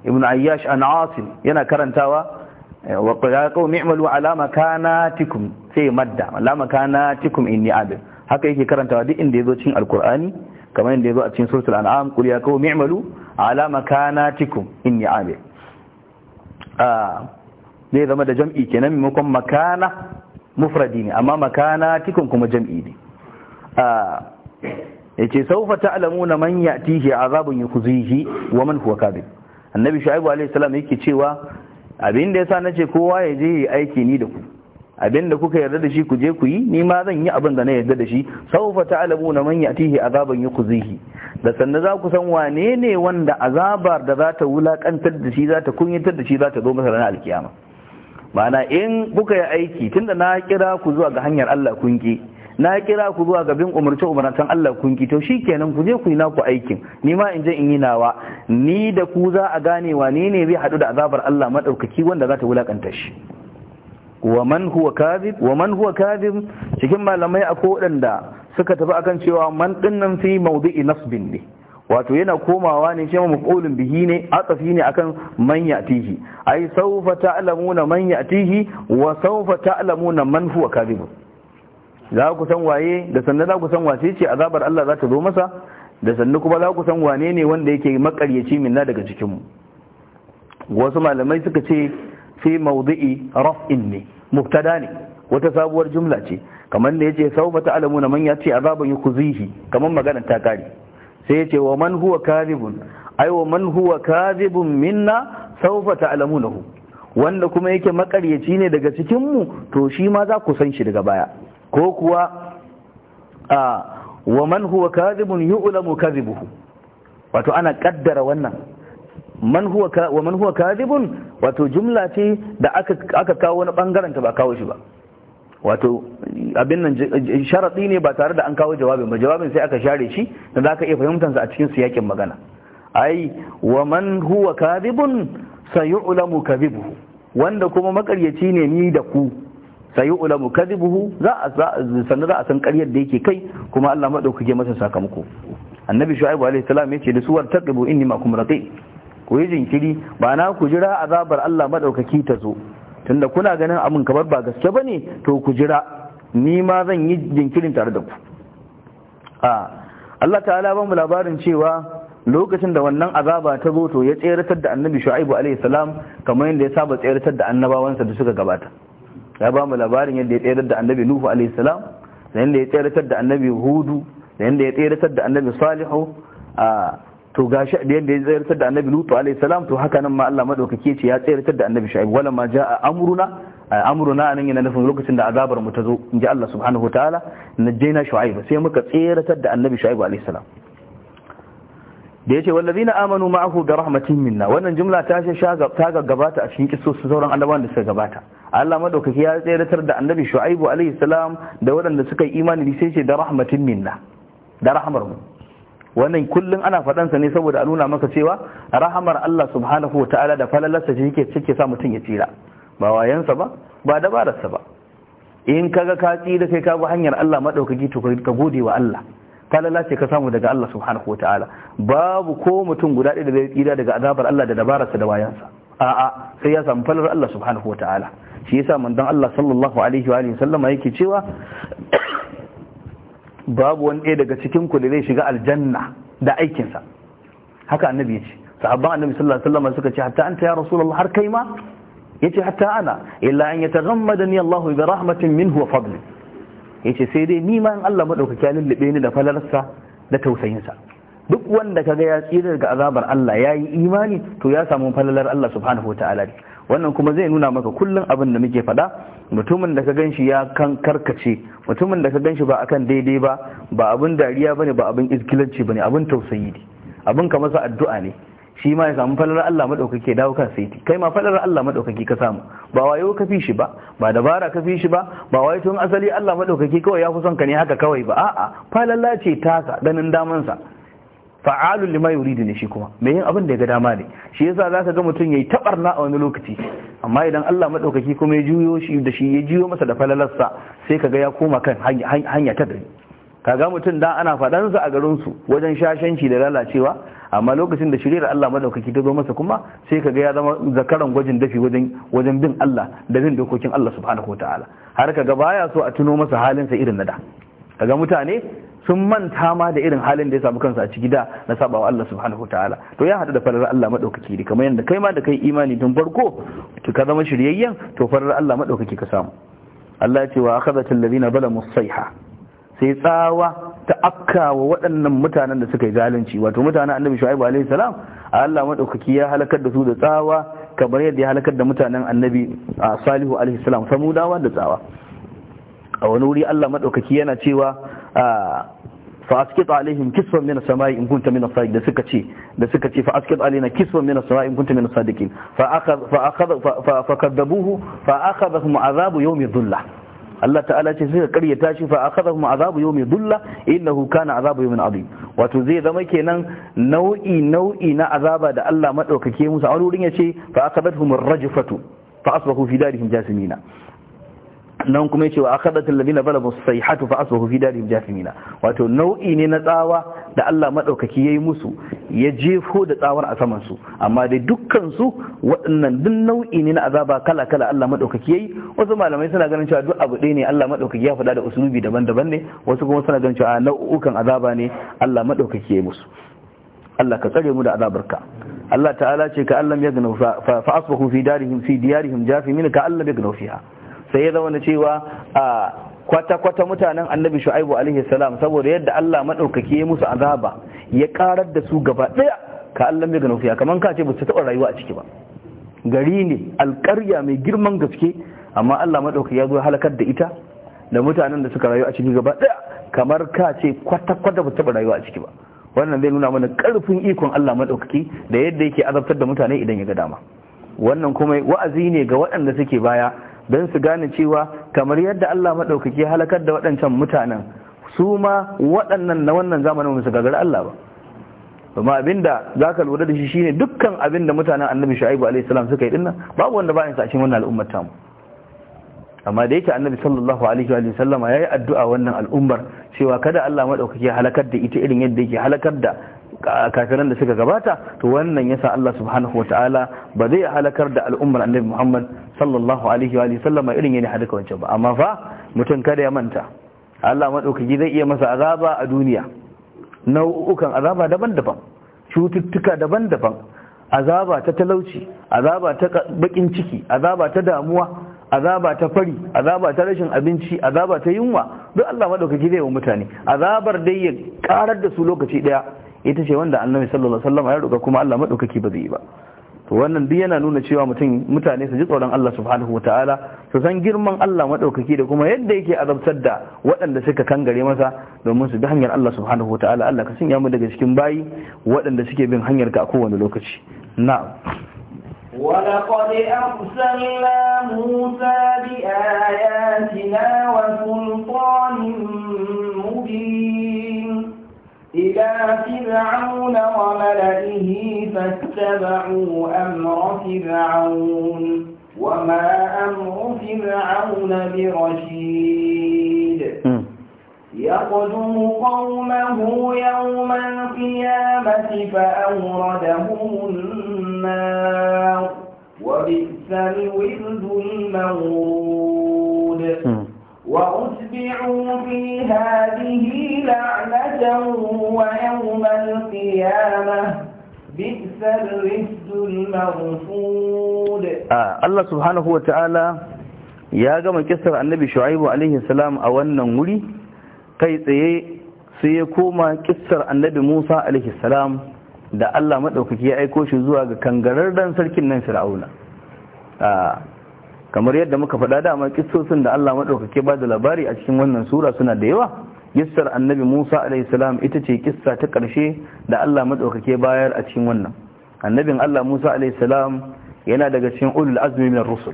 ibn ayyash an asim yana karantawa kawo qaqu alama kana tikum sai madda alama kana tikum inni abin haka yake karantawa duk inda yazo cikin alqur'ani kamar inda yazo a cikin suratul an'am qul ya qawmi alama kana tikum inni abin ah zai zama da jam'i kenan maimakon makana mufradi ne amma tikum kuma jam'i ne ah yace sawfa ta'lamuna man ya'tihi azabun yukhzihi wa man huwa kadhib annabi Shu'aibu alayhi salam yake cewa abin da yasa nace kowa ya je yi aiki ni da ku abin da kuka yarda da shi ku je ku yi ni ma zan yi abin da na yarda da shi sawfa ta'lamuna man yatihi azaban yukhzihi da sanna za ku san wane ne wanda azabar da za ta wulakantar da shi za ta kunyatar da shi za ta zo masa ranar alkiyama ma'ana in kuka yi aiki tunda na kira ku zuwa ga hanyar Allah kun ki na kira ku zuwa gabin umarce umarantan Allah kun ki to shikenan ku je ku yi naku aikin ni ma in je in yi nawa ni da ku za a gane ni ne zai hadu da azabar Allah madaukaki wanda za ta wulakanta shi wa man huwa kadhib wa man huwa kadhib cikin malamai a koɗanda suka tafi akan cewa man nan fi mawdi'i nasbin ne wato yana komawa ne shi maf'ulun bihi ne atafi ne akan man yatihi ai sawfa ta'lamuna man yatihi wa sawfa ta'lamuna man huwa kadhib za ku san waye da sannan za ku san wace ce azabar Allah za ta zo masa da sannan kuma za ku san wane ne wanda yake makaryaci minna daga cikinmu wasu malamai suka ce fi mawdi'i raf'in ne mubtada ne wata sabuwar jumla ce kamar da yace sau bata na man yace azaban yukuzihi kamar maganar ta kare sai yace wa man huwa kadhibun ai wa man huwa kadhibun minna na hu wanda kuma yake makaryaci ne daga cikin mu to shi ma za ku san shi daga baya ko kuwa a wa man huwa kadhibun yu'lamu kadhibuhu wato ana kaddara wannan man huwa wa man huwa kadhibun wato jumla ce da aka aka kawo wani bangaren ta ba kawo shi ba wato abin nan sharadi ne ba tare da an kawo jawabin ba jawabin sai aka share shi da zaka iya fahimtansa a cikin siyakin magana ai wa man huwa kadhibun sayu'lamu kadhibuhu wanda kuma makaryaci ne ni da ku sayi ulamu kadibuhu za a sannu za san karyar da yake kai kuma Allah madaukake masa sakamako annabi shu'aibu alaihi salam yace da suwar taqibu inni ma kum raqi ku yi jinkiri ba na ku jira azabar Allah maɗaukaki ta zo tunda kuna ganin abin kamar ba gaske bane to ku jira ni ma zan yi jinkirin tare da ku a Allah ta'ala ba mu labarin cewa lokacin da wannan azaba ta zo to ya tseratar da annabi shu'aibu alaihi salam kamar yadda ya saba tseratar da annabawansa da suka gabata ya ba mu labarin yadda ya tsere da annabi nuhu alaihi salam da yadda ya tsere da annabi hudu da yadda ya tsere da annabi salihu a to gashi da yadda ya tsere da annabi lutu alaihi salam to haka nan ma Allah madaukake ce ya tsere da annabi shu'aib wala ma jaa amruna amruna nan yana nufin lokacin da azabar mu ta zo inji Allah subhanahu wataala najjayna shu'aib sai muka tsere da annabi Shu'aibu alaihi salam da yace wallazina amanu ma'ahu bi rahmatin minna wannan jumla ta shaga ta gabata a cikin kissosu sauran annabawan da suka gabata Allah madaukaki ya tsayar da annabi shu'aibu alaihi salam da waɗanda suka yi imani sai da rahmatin minna da rahmar mu wannan kullum ana faɗansa ne saboda a nuna maka cewa rahamar Allah subhanahu wata'ala ta'ala da falalarsa shi yake cike sa mutum ya tsira ba wayansa ba ba sa ba in kaga ka tsira kai ka bi hanyar Allah madaukaki to ka gode wa Allah falala ce ka samu daga Allah subhanahu wata'ala ta'ala babu ko mutum guda ɗaya da zai tsira daga azabar Allah da sa da wayansa a'a sai ya samu falalar Allah subhanahu wata'ala ta'ala shi yasa mandan Allah sallallahu alaihi wa alihi sallama yake cewa babu wani ɗaya daga cikin ku da zai shiga aljanna da aikinsa haka annabi yace sahabban annabi sallallahu alaihi wasallam suka ce hatta anta ya rasulullah har kai ma yace hatta ana illa an yataghammadani Allah bi rahmatin minhu wa fadli yace sai dai ni ma in Allah madaukaki ya lullube ni da falalarsa da tausayinsa duk wanda kaga ya tsira daga azabar Allah yayi imani to ya samu falalar Allah subhanahu wataala wannan kuma zai nuna maka kullum abin da muke faɗa mutumin da ka gan shi ya kan karkace mutumin da ka gan shi ba akan daidai ba ba abin dariya ba ne, ba abin ba ne, abin tausayi ne abin ka masa addu'a ne shi ma ya samu falalar Allah madaukake dawo kan sai kai ma falalar Allah madaukake ka samu ba wayo ka fi shi ba ba dabara ka fi shi ba ba wayo tun asali Allah madaukake kawai ya fi son ka ne haka kawai ba a'a falala ce tasa ganin sa. fa'alun lima yuridu ne shi kuma Me yin abin da ya ga dama ne shi yasa zaka ga mutum yayi tabarna a wani lokaci amma idan Allah madaukaki kuma ya juyo shi da shi ya juyo masa da falalarsa sai ka ga ya koma kan hanya ta gari kaga mutum da ana fadan sa a garin su wajen shashanci da lalacewa amma lokacin da shirya Allah madaukaki ta zo masa kuma sai ka ga ya zama zakaran gwajin dafi wajen wajen bin Allah da bin dokokin Allah subhanahu wataala har kaga baya so a tuno masa halin sa irin na da ga mutane sun manta ma da irin halin da ya samu kansa a ciki da na sabawa Allah subhanahu ta'ala to ya hadu da farar Allah madaukaki ne kamar yadda kai ma da kai imani tun farko to ka zama shiryayyen to farar Allah madaukaki ka samu Allah ya ce wa akhadhatul ladina zalamu sayha sai tsawa ta akka wa waɗannan mutanen da suka yi zalunci wato mutanen annabi shu'aibu alaihi salam Allah madaukaki ya halakar da su da tsawa kamar yadda ya halakar da mutanen annabi salihu alaihi salam samudawa da tsawa a wani wuri Allah madaukaki yana cewa fa askit alaihim kisfan min as-sama'i in kunta min as-sadiqin da suka ce da suka ce fa askit alaina kisfan min as-sama'i in kunta min as-sadiqin fa akhadha fa akhadha fa kadabuhu fa akhadhahum azabu yawmi dhullah Allah ta'ala ce suka karya tashi fa akhadhahum azabu yawmi dhulla innahu kana azabu yawmin adhim wato zai zama kenan nau'i nau'i na azaba da Allah madaukake musu a wani wurin yace fa akhadathum ar-rajfatu fa asbahu fi darihim jasimina nan kuma yace wa akhadatul ladina balagu sayhatu fa asbahu fi darihim jathimina wato nau'i ne na tsawa da Allah madaukaki yayi musu ya jefo da tsawar a saman su amma dai dukkan su waɗannan duk nau'i ne na azaba kala kala Allah madaukaki yayi wasu malamai suna ganin cewa duk abu ɗaya ne Allah madaukaki ya faɗa da usulubi daban-daban ne wasu kuma suna ganin cewa nau'ukan azaba ne Allah madaukaki yayi musu Allah ka tsare mu da azabarka Allah ta'ala ce ka Allah ya gnu fa asbahu fi darihim fi diyarihim jafimin ka Allah ya gnu fiha sai ya zama cewa a kwata-kwata mutanen annabi shu'aibu alaihi salam saboda yadda Allah maɗaukaki ya musu azaba ya karar da su gaba ɗaya ka Allah mai gano fiya kamar kace basu ba su taɓa rayuwa a ciki ba gari ne alƙarya mai girman gaske amma Allah maɗaukaki ya zo halakar da ita da mutanen da suka rayu a ciki gaba ɗaya kamar kace kwata-kwata ba taɓa rayuwa a ciki ba wannan zai nuna mana ƙarfin ikon Allah maɗaukaki da yadda yake azabtar da mutane idan ya ga dama wannan kuma wa'azi ne ga waɗanda suke baya don su gane cewa kamar yadda Allah maɗaukaki halakar da waɗancan mutanen su ma waɗannan na wannan zamanin musu gagara Allah ba Kuma abinda zaka lura da shi shine dukkan abinda mutanen Annabi Shu'aibu alaihi salam suka yi dinnan babu wanda ba sa cikin wannan al'ummar amma da yake Annabi sallallahu alaihi wa addu'a wannan al'ummar cewa kada Allah madaukaki halakar da ita irin yadda yake halakar da kafiran da suka gabata to wannan yasa Allah subhanahu wataala ba zai halakar da al'ummar annabi Muhammad sallallahu alaihi wa sallama irin yana halaka wancan ba amma fa mutum kada ya manta Allah madaukaki zai iya masa azaba a duniya nau'ukan azaba daban-daban cututtuka daban-daban azaba ta talauci azaba ta bakin ciki azaba ta damuwa azaba ta fari azaba ta rashin abinci azaba ta yunwa duk Allah madaukaki zai wa mutane azabar dai ya karar da su lokaci daya ita ce wanda annabi sallallahu alaihi wasallam ya roƙa kuma Allah madaukaki ba zai yi ba to wannan duk yana nuna cewa mutum mutane su ji tsoron Allah subhanahu wataala su san girman Allah madaukaki da kuma yadda yake azabtar da waɗanda suka kangare masa domin su bi hanyar Allah subhanahu wataala Allah ka sanya mu daga cikin bayi waɗanda suke bin hanyar ka a kowane lokaci na'am ولقد أرسلنا موسى بآياتنا وسلطان مبين إلى فرعون وملئه فاتبعوا أمر فرعون وما أمر فرعون برشيد يقدم قومه يوم القيامة فأوردهم النار وبئس الورد المورود وأتبعوا في هذه لعنة ويوم القيامة بئس الرفد المرفود الله سبحانه وتعالى يا جماعة كسر النبي شعيب عليه السلام أولا ولي kai tsaye sai ya koma kissar annabi Musa alaihi salam da Allah madaukaki ya aiko shi zuwa ga kangarar dan sarkin nan Fir'auna kamar yadda muka faɗa dama kissosin da Allah maɗaukake ba da labari a cikin wannan sura suna da yawa kissar annabi Musa alaihi salam ita ce kissa ta ƙarshe da Allah maɗaukake bayar a cikin wannan annabin Allah Musa alaihi salam yana daga cikin ulul azmi min rusul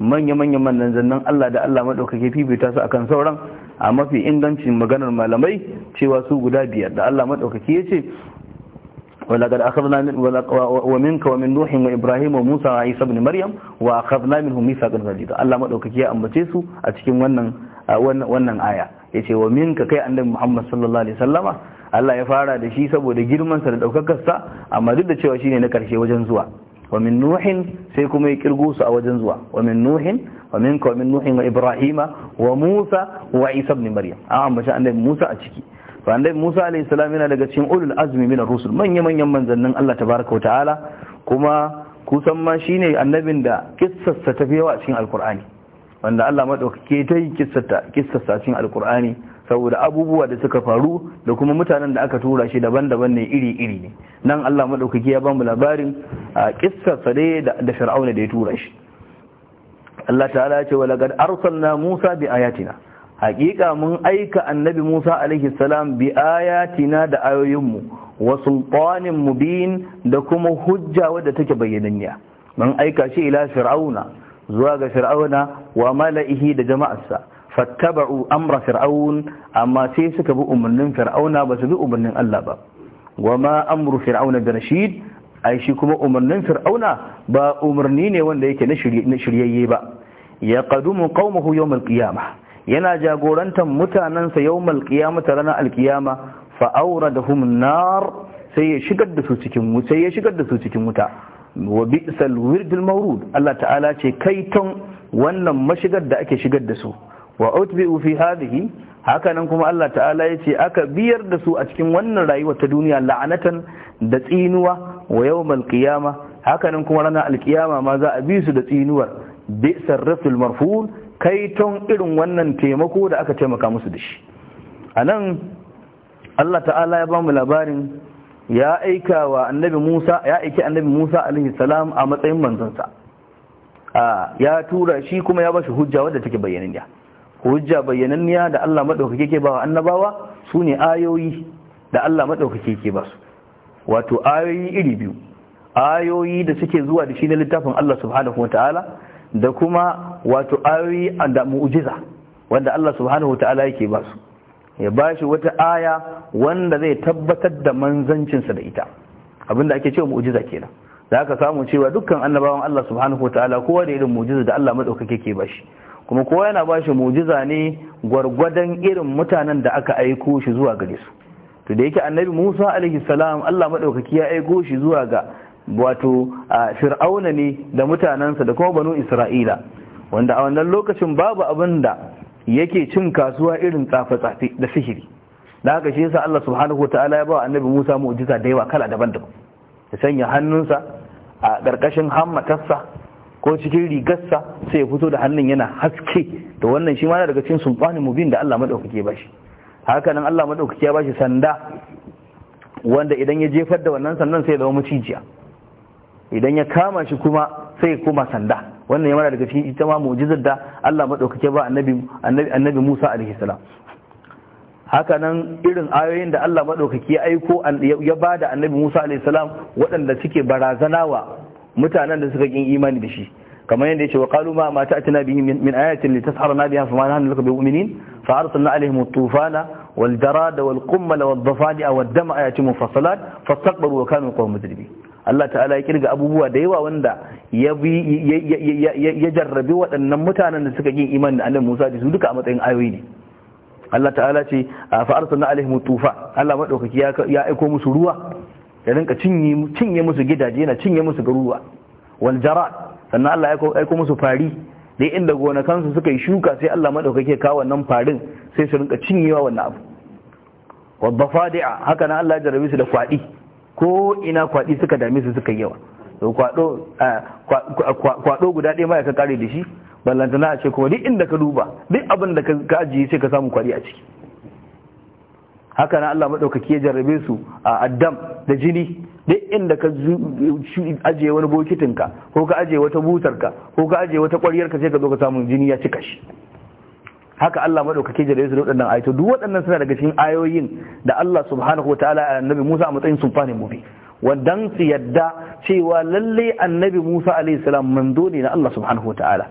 manya manyan zannan Allah da Allah maɗaukake fifita su akan sauran a mafi ingancin maganar malamai cewa su guda biyar da Allah maɗaukake ya ce ولقد اخذنا من ومنك ومن نوح وابراهيم وموسى وعيسى ابن مريم واخذنا منهم ميثاقا غليظا الله مدوكك يا أمتي su a cikin wannan wannan aya yace wa minka kai annabi Muhammad sallallahu alaihi wasallama Allah ya fara da shi saboda girman sa da daukakar sa amma duk da cewa shine na karshe wajen zuwa wa min nuh sai kuma ya kirgo su a wajen zuwa wa min nuh wa minka wa min nuh wa ibrahima wa musa wa isa ibn maryam a ambaci annabi Musa a ciki to dai Musa alayhi salam yana daga cikin ulul azmi min ar-rusul manyan manyan manzannin Allah tabaaraka wa ta'ala kuma kusan ma shine annabin da kissarsa ta fi yawa a cikin alqur'ani wanda Allah madaukake ta yi kissarta kissarsa cikin alqur'ani saboda abubuwa da suka faru da kuma mutanen da aka tura shi daban-daban ne iri-iri ne nan Allah madaukake ya bamu labarin a kissarsa dai da Fir'auna da ya tura shi Allah ta'ala ya ce wa laqad arsalna Musa bi ayatina Hakika mun aika annabi Musa alaihi salam bi ayatina da ayoyinmu wa sultanin mubin da kuma hujja wadda take bayyananniya mun aika shi ila fir'auna zuwa ga fir'auna wa mala'ihi da jama'arsa fattaba'u amra fir'aun amma sai suka bi umarnin fir'auna ba su bi umarnin Allah ba wa ma amru fir'auna da rashid ai shi kuma umarnin fir'auna ba umarni ne wanda yake na shiryayye ba ya qadumu qaumahu yawm al-qiyamah yana jagorantar mutanensa yawmal qiyamata ranar alkiyama fa da humnar sai ya shigar da su cikin wuta wa bi'sal wirdul mawrud Allah ta'ala ce kaiton wannan mashigar da ake shigar da su wa utbi'u fi hadhihi hakanan kuma Allah ta'ala ya ce aka biyar da su a cikin wannan rayuwa ta duniya la'anatan da tsinuwa wa yawmal qiyama hakanan kuma ranar alkiyama ma za a bi su da tsinuwar bi'sar raful marfun Kai kaiton irin wannan taimako da aka taimaka musu da shi a nan Allah ta'ala ya ba mu labarin ya aika wa annabi Musa ya aiki annabi Musa alaihi salam a matsayin manzansa ya tura shi kuma ya ba shi hujja wadda take bayyananniya hujja bayyananniya da Allah madaukake ke ba annabawa sune ayoyi da Allah madaukake ke ba su wato ayoyi iri biyu ayoyi da suke zuwa da shi na littafin Allah subhanahu ta'ala. da kuma wato ayoyi da mu'ujiza wanda Allah subhanahu ta'ala yake ba su ya ba shi wata aya wanda zai tabbatar da manzancinsa da ita abinda ake cewa mu'jiza kenan za ka samu cewa dukkan annabawan Allah subhanahu ta'ala kowa da irin mu'jiza da Allah madaukake ke ba shi kuma kowa yana ba shi mu'jiza ne gwargwadon irin mutanen da aka aiko shi zuwa gare su to da yake annabi Musa alaihi salam Allah maɗaukaki ya aiko shi zuwa ga wato fir'auna ne da mutanensa da kuma banu isra'ila wanda a wannan lokacin babu abin da yake cin kasuwa irin tsafe-tsafe da sihiri da haka shi yasa Allah subhanahu wataala ya ba annabi Musa mu'jiza da yawa kala daban-daban ya sanya hannunsa a ƙarƙashin hammatarsa ko cikin rigarsa sai ya fito da hannun yana haske to wannan shi ma na daga cikin sunfani mubin da Allah madaukake ba shi haka nan Allah madaukake ya ba shi sanda wanda idan ya jefar da wannan sandan sai ya zama macijiya idan ya kama shi kuma sai ya koma sanda wannan yana daga cikin ita ma mu'jizar da Allah madaukake ba annabi annabi Musa alaihi salam haka nan irin ayoyin da Allah madaukake ya aiko ya bada annabi Musa alaihi salam waɗanda suke barazana wa mutanen da suka kin imani da shi kamar yadda yace wa qalu ma ma ta'tina bihi min ayatin litasharna biha fama nahnu lakum bi'minin fa arsalna alaihim at-tufana wal jarada wal qummala wad dafadi'a wad dama ayatin mufassalat fastaqbaru wa kanu qawman mujrimin Allah ta'ala ya kirga abubuwa da yawa wanda ya jarrabi waɗannan mutanen da suka yi iman da annabi Musa da su duka a matsayin ayoyi ne Allah ta'ala ce fa arsalna alaihim tufa Allah madaukaki ya aiko musu ruwa ya rinka cinye cinye musu gidaje na cinye musu garuruwa wal jara sannan Allah ya aiko musu fari da inda gonakansu suka yi shuka sai Allah madaukaki ya kawo wannan farin sai su rinka cinyewa wannan abu wadda fadi'a haka nan Allah ya jarrabe su da kwadi ko ina kwaɗi suka dame su suka yawa kwaɗo guda ɗaya ma ka kare da shi ballantana a ce kuma duk inda ka duba duk abin da ka ajiye sai ka samu kwaɗi a ciki haka na Allah maɗaukaki ya jarrabe su a addam da jini duk inda ka ajiye wani bokitinka ko ka ajiye wata butarka ko ka ajiye wata ƙwaryarka sai ka zo ka samu jini ya cika shi haka Allah madaukake jere su waɗannan ayatu duk waɗannan suna daga cikin ayoyin da Allah subhanahu wataala a annabi Musa a matsayin sulfani mubi wadan su yadda cewa lalle annabi Musa alaihi salam manzo ne na Allah subhanahu wataala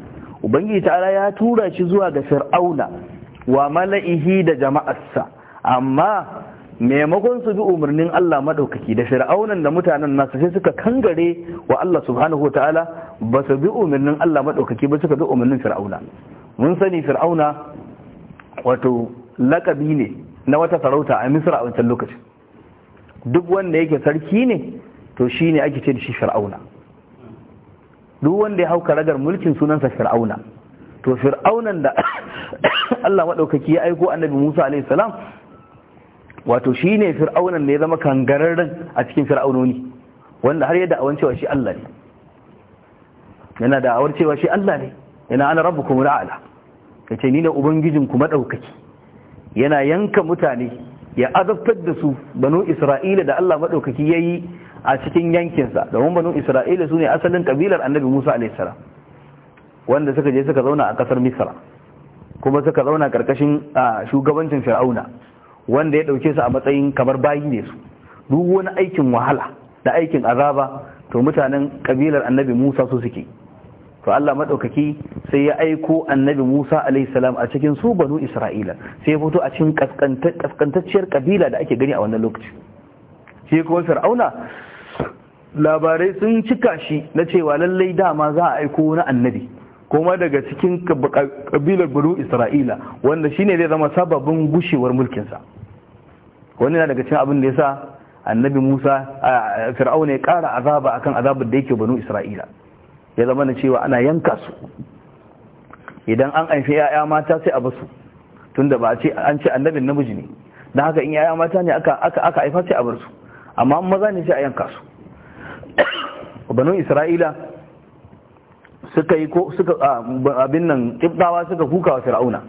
ubangiji ta'ala ya tura shi zuwa ga fir'auna wa mala'ihi da jama'arsa amma maimakon su bi umarnin Allah maɗaukaki da fir'aunan da mutanen nasu sai suka kangare wa Allah subhanahu wataala ba su bi umarnin Allah maɗaukaki ba suka bi umarnin fir'auna mun sani fir'auna wato lakabi ne na wata sarauta a Misir a wancan lokacin duk wanda yake sarki ne to shi ne ake ce da shi fir'auna duk wanda ya hauka ragar mulkin sunansa fir'auna to fir'aunan da Allah maɗaukaki ya aiko annabi Musa alaihi salam wato shi ne fir'aunan da ya zama kangararren a cikin fir'aunoni wanda har yadda awancewa shi Allah ne yana da awar shi Allah ne yana ana rabbukum la'ala yace ni ne ubangijin ku madaukaki yana yanka mutane ya azabtar da su banu isra'ila da Allah madaukaki yayi a cikin yankinsa domin banu isra'ila sune asalin kabilar annabi musa alaihissalam wanda suka je suka zauna a kasar misra kuma suka zauna karkashin shugabancin fir'auna wanda ya dauke su a matsayin kamar bayi ne su duk wani aikin wahala da aikin azaba to mutanen kabilar annabi musa su suke to Allah madaukaki sai ya aiko annabi Musa alaihi salam a cikin su banu Isra'ila sai ya fito a cikin kaskantacciyar kabila da ake gani a wannan lokaci shi kuma Fir'auna labarai sun cika shi na cewa lallai dama za a aiko na annabi kuma daga cikin kabilar banu Isra'ila wanda shine zai zama sababin gushewar mulkinsa wani wannan daga cikin abin da yasa annabi Musa Fir'auna ya kara azaba akan azabar da yake banu Isra'ila ya zama na cewa ana yanka su idan an haifi yaya mata sai a basu tunda ba ce an ce annabin namiji ne don haka in yaya mata ne aka aka haifa sai a bar su amma maza ne sai a yanka su banu isra'ila suka yi ko suka abin nan kibdawa suka kuka wa fir'auna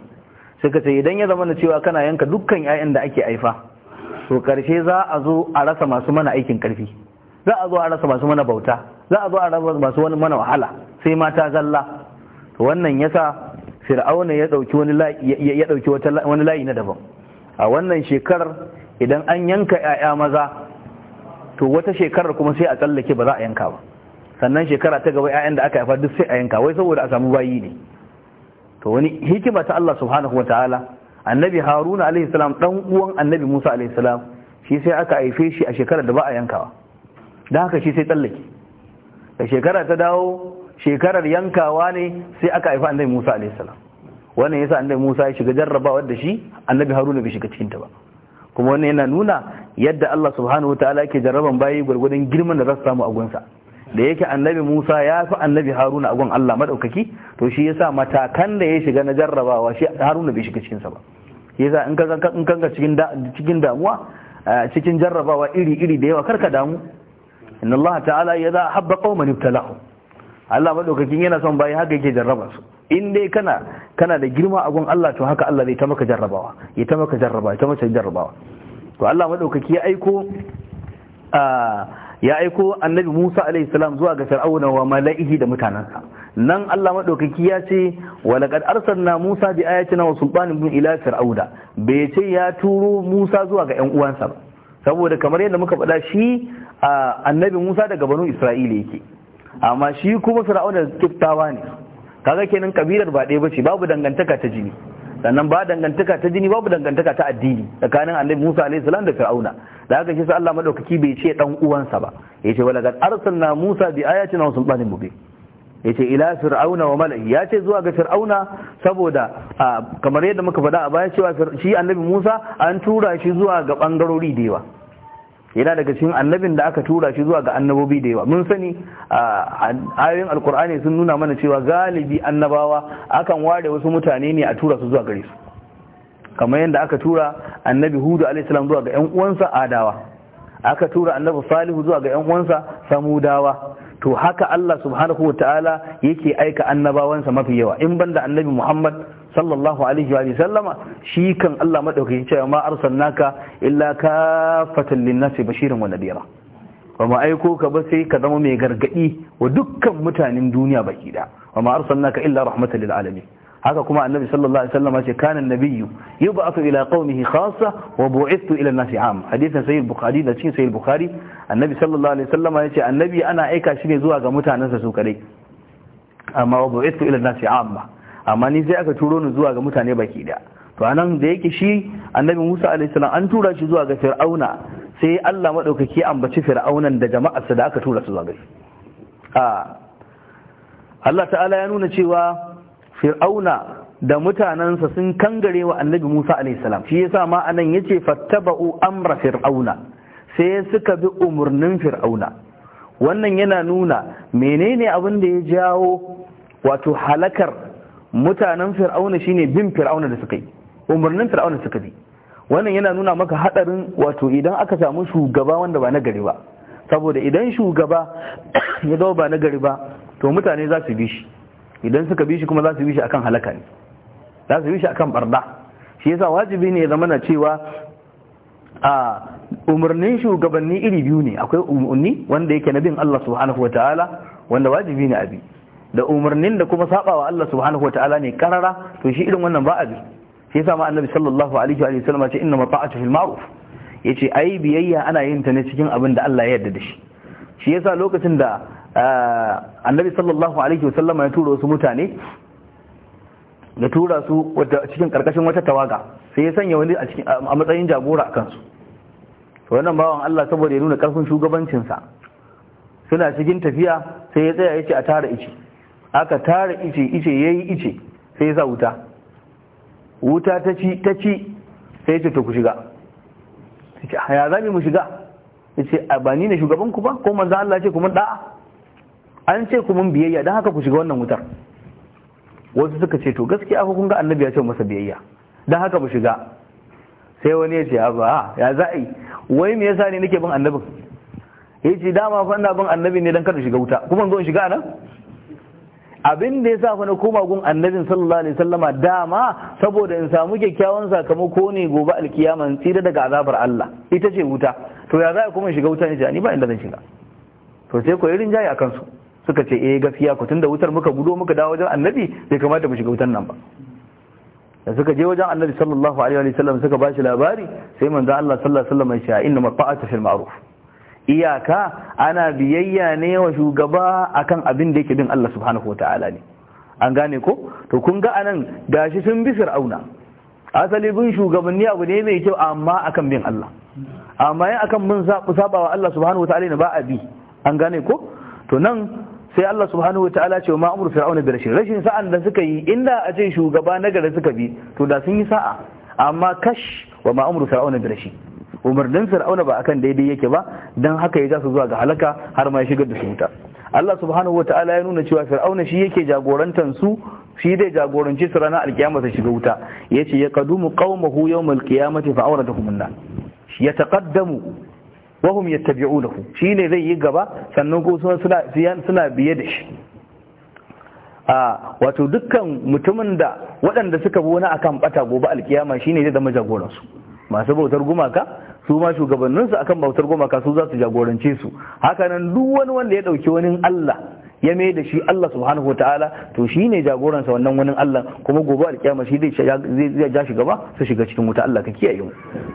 suka ce idan ya zama na cewa kana yanka dukkan 'ya'yan da ake haifa to karshe za a zo a rasa masu mana aikin karfi za a zo a rasa masu mana bauta za a zo a raba masu wani mana wahala sai mata zalla to wannan yasa fir'auna ya dauki wani ya dauki wani layi na daban a wannan shekarar idan an yanka 'ya'ya maza to wata shekarar kuma sai a tsallake ba za a yanka ba sannan shekara ta gaba 'ya'yan da aka haifa duk sai a yanka wai saboda a samu bayi ne to wani hikima ta Allah subhanahu wa ta'ala annabi haruna alaihi salam dan uwan annabi musa alaihi salam shi sai aka haife shi a shekarar da ba a yankawa dan haka shi sai tsallake da shekara ta dawo shekarar yankawa ne sai aka haifa annabi Musa alaihi salam wannan yasa annabi Musa ya shiga jarrabawa da shi annabi Haruna bai shiga cikin ta ba kuma wannan yana nuna yadda Allah subhanahu wataala yake jarraban bayi gurgurdan girman da za su samu a gunsa da yake annabi Musa ya fi annabi Haruna a gun Allah madaukaki to shi yasa matakan da ya shiga na jarrabawa shi Haruna bai shiga cikin sa ba yasa in ka in ka cikin cikin damuwa eh, cikin jarrabawa iri iri da yawa karka damu inna Allah ta'ala idza habba qauman ibtalahu Allah maɗaukakin yana son bayan haka yake jarraba su in dai kana kana da girma a gun Allah to haka Allah zai ta maka jarrabawa ya ta maka ya ta maka jarrabawa to Allah maɗaukaki ya aiko ya aiko annabi Musa alaihi salam zuwa ga Fir'auna wa mala'ihi da mutanansa nan Allah maɗaukaki ya ce wa laqad arsalna Musa bi ayatina wa sultanin bin ila fir'auna bai ce ya turo Musa zuwa ga ƴan uwansa ba saboda kamar yadda muka faɗa shi annabi Musa daga banu Isra'ila yake amma shi kuma fir'auna da kiftawa ne kaga kenan kabilar ba ɗaya bace babu dangantaka ta jini sannan ba dangantaka ta jini babu dangantaka ta addini tsakanin annabi Musa alaihi salam da Fir'auna da haka shi Allah madaukaki bai ce dan uwansa ba yace wala kad arsalna Musa bi ayatina wa sultanin mubin yace ila fir'auna wa mala'i yace zuwa ga fir'auna saboda kamar yadda muka faɗa a baya cewa shi annabi Musa an tura shi zuwa ga bangarori da yawa yana daga cikin annabin da aka tura shi zuwa ga annabobi da yawa mun sani ayoyin alkur'ani sun nuna mana cewa galibi annabawa akan ware wasu mutane ne a tura su zuwa gare su kamar yadda aka tura annabi hudu alaihissalam zuwa ga yan uwansa adawa aka tura annabi salihu zuwa ga yan uwansa samudawa to haka Allah subhanahu Ta'ala yake aika annabawansa mafi yawa in banda annabi Muhammad sallallahu alaihi wa sallama shi kan Allah madaukaki cewa ma arsalnaka illa kafatan linnasi bashirin wa nadira wa ma aiko ka ba sai ka zama mai gargadi wa dukkan mutanen duniya baki da wa ma arsalnaka illa rahmatan lil alamin haka kuma annabi sallallahu alaihi wasallam ce kana annabiyyu yub'athu ila qaumihi khassa wa bu'ithu ila an-nasi 'am hadithan sahih bukhari da cikin sahih bukhari annabi sallallahu alaihi wasallam ya ce annabi ana aika shi ne zuwa ga mutanansa su kadai amma wa bu'ithu ila an-nasi 'amma amma ni sai aka turo ni zuwa ga mutane baki da to anan da yake shi annabi Musa alaihi salam an tura shi zuwa ga Fir'auna sai Allah madaukaki ambaci Fir'aunan da jama'arsa da aka tura su zuwa gari a Allah ta'ala ya nuna cewa Fir'auna da mutanansa sun kangare wa annabi Musa alaihi salam shi yasa ma anan yace fattaba'u amra fir'auna sai suka bi umurnin fir'auna wannan yana nuna menene abin da ya jawo wato halakar mutanen fir'auna shine bin fir'auna da suka yi umarnin fir'auna suka bi wannan yana nuna maka hadarin wato idan aka samu shugaba wanda ba na gari ba saboda idan shugaba ya zama ba na gari ba to mutane za su bi shi idan suka bi shi kuma za su bi shi akan halaka ne za su bi shi akan barda shi yasa wajibi ne ya zama na cewa a umarnin shugabanni iri biyu ne akwai umarni wanda yake na bin Allah subhanahu wataala wanda wajibi ne abi da umarnin da kuma sabawa Allah subhanahu wataala ne karara to shi irin wannan ba a bi shi annabi sallallahu alaihi wa sallam ce inna mata'atu fil ma'ruf yace ai biyayya ana yin ta ne cikin abin da Allah ya yarda da shi shi yasa lokacin da annabi sallallahu alaihi wa sallam ya tura wasu mutane da tura su cikin karkashin wata tawaga sai ya sanya wani a matsayin jagora a kansu wannan bawan Allah saboda ya nuna karfin shugabancinsa suna cikin tafiya sai ya tsaya ya ce a tara ici aka tara ice ice yayi ice sai ya sa wuta wuta ta ci ta ci sai ce to ku shiga ce ya za mu shiga ya ce ba ni ne shugaban ku ba ko manzo Allah ce kuma mun da'a an ce ku biyayya don haka ku shiga wannan wutar wasu suka ce to gaskiya fa kun ga annabi ya ce masa biyayya don haka mu shiga sai wani ya ce ba ya za wai me yasa ne nake bin annabin ya ce dama fa ina bin annabi ne don kada shiga wuta kuma zo in shiga nan abin da ya sa fa na koma gun annabin sallallahu alaihi wasallama dama saboda in samu kyakkyawan sakamako ne gobe alkiyama in tsira daga azabar Allah ita ce wuta to ya za kuma shiga wuta ne ni ba inda zan shiga to sai ko irin jayi akan su suka ce eh gaskiya ku tunda wutar muka gudo muka dawo wajen annabi bai kamata mu shiga wutan nan ba da suka je wajen annabi sallallahu alaihi wasallam suka bashi labari sai manzo Allah sallallahu alaihi wasallam ya ce inna mata'ata fil ma'ruf iyaka ana biyayya ne wa shugaba akan abin da yake bin Allah subhanahu wataala ne an gane ko to kun ga anan gashi sun bi fir'auna asali bin shugabanni abu ne mai kyau amma akan bin Allah amma yin akan bin sabawa Allah subhanahu wataala ne ba a bi an gane ko to nan sai Allah subhanahu wataala ce ma amru fir'auna bi rashin rashin sa'an da suka yi inda a ce shugaba nagari suka bi to da sun yi sa'a amma kash wa ma amru fir'auna bi rashin umarnin fir'auna ba akan daidai yake ba dan haka ya ja su zuwa ga halaka har ma ya shigar da su wuta Allah subhanahu ta'ala ya nuna cewa fir'auna shi yake jagorantar su shi dai jagoranci su ranar alkiyama su shiga wuta yace ya qadumu qaumahu yawmal qiyamati fa awradahum an ya taqaddamu wa hum yattabi'unahu shine zai yi gaba sannan ko suna suna biye da shi a wato dukkan mutumin da waɗanda suka bi wani akan bata gobe alkiyama shine zai zama jagoransu masu bautar gumaka su ma shugabanninsu akan bautar gumaka su za su jagorance su hakanan duk wani wanda ya dauki wani Allah ya mai da shi Allah subhanahu ta'ala to shi ne jagoransa wannan wani Allah kuma gobe alkiyama shi zai ja shi gaba su shiga cikin wuta Allah ka kiyaye mu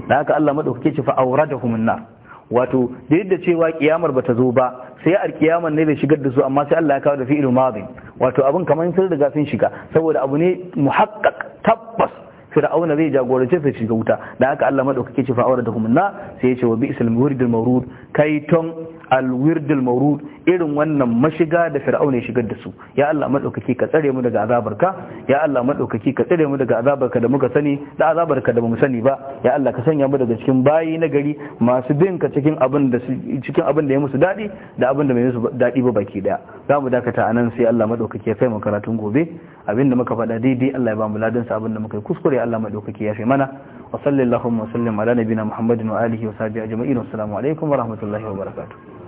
da haka Allah madaukake ce fa auradahum nar wato da yadda cewa kiyamar bata zo ba sai alkiyamar ne bai shigar da su amma sai Allah ya kawo da fi'il madi wato abin kamar sun riga sun shiga saboda abu ne muhaqqaq tabbas fir'auna zai jagorance sai shiga wuta da haka Allah madaukake ce fa'awar da humunna sai ya ce wa bi'sal muridul mawrud kai ton alwirdil maurud irin wannan mashiga da fir'auna ya shigar da su ya Allah madaukaki ka tsare mu daga azabarka ya Allah madaukaki ka tsare mu daga azabarka da muka sani da azabarka da bamu sani ba ya Allah ka sanya mu daga cikin bayi na gari masu bin ka cikin abin da cikin abin da ya musu dadi da abin da bai musu dadi ba baki daya za mu dakata anan sai Allah madaukaki ya kai mu karatun gobe abin da muka faɗa daidai Allah ya ba mu ladan sa abin da muka yi kuskure Allah madaukaki ya fi mana wa sallallahu wa sallam ala muhammadin wa alihi wa sahbihi ajma'in salamu alaikum wa rahmatullahi wa barakatuh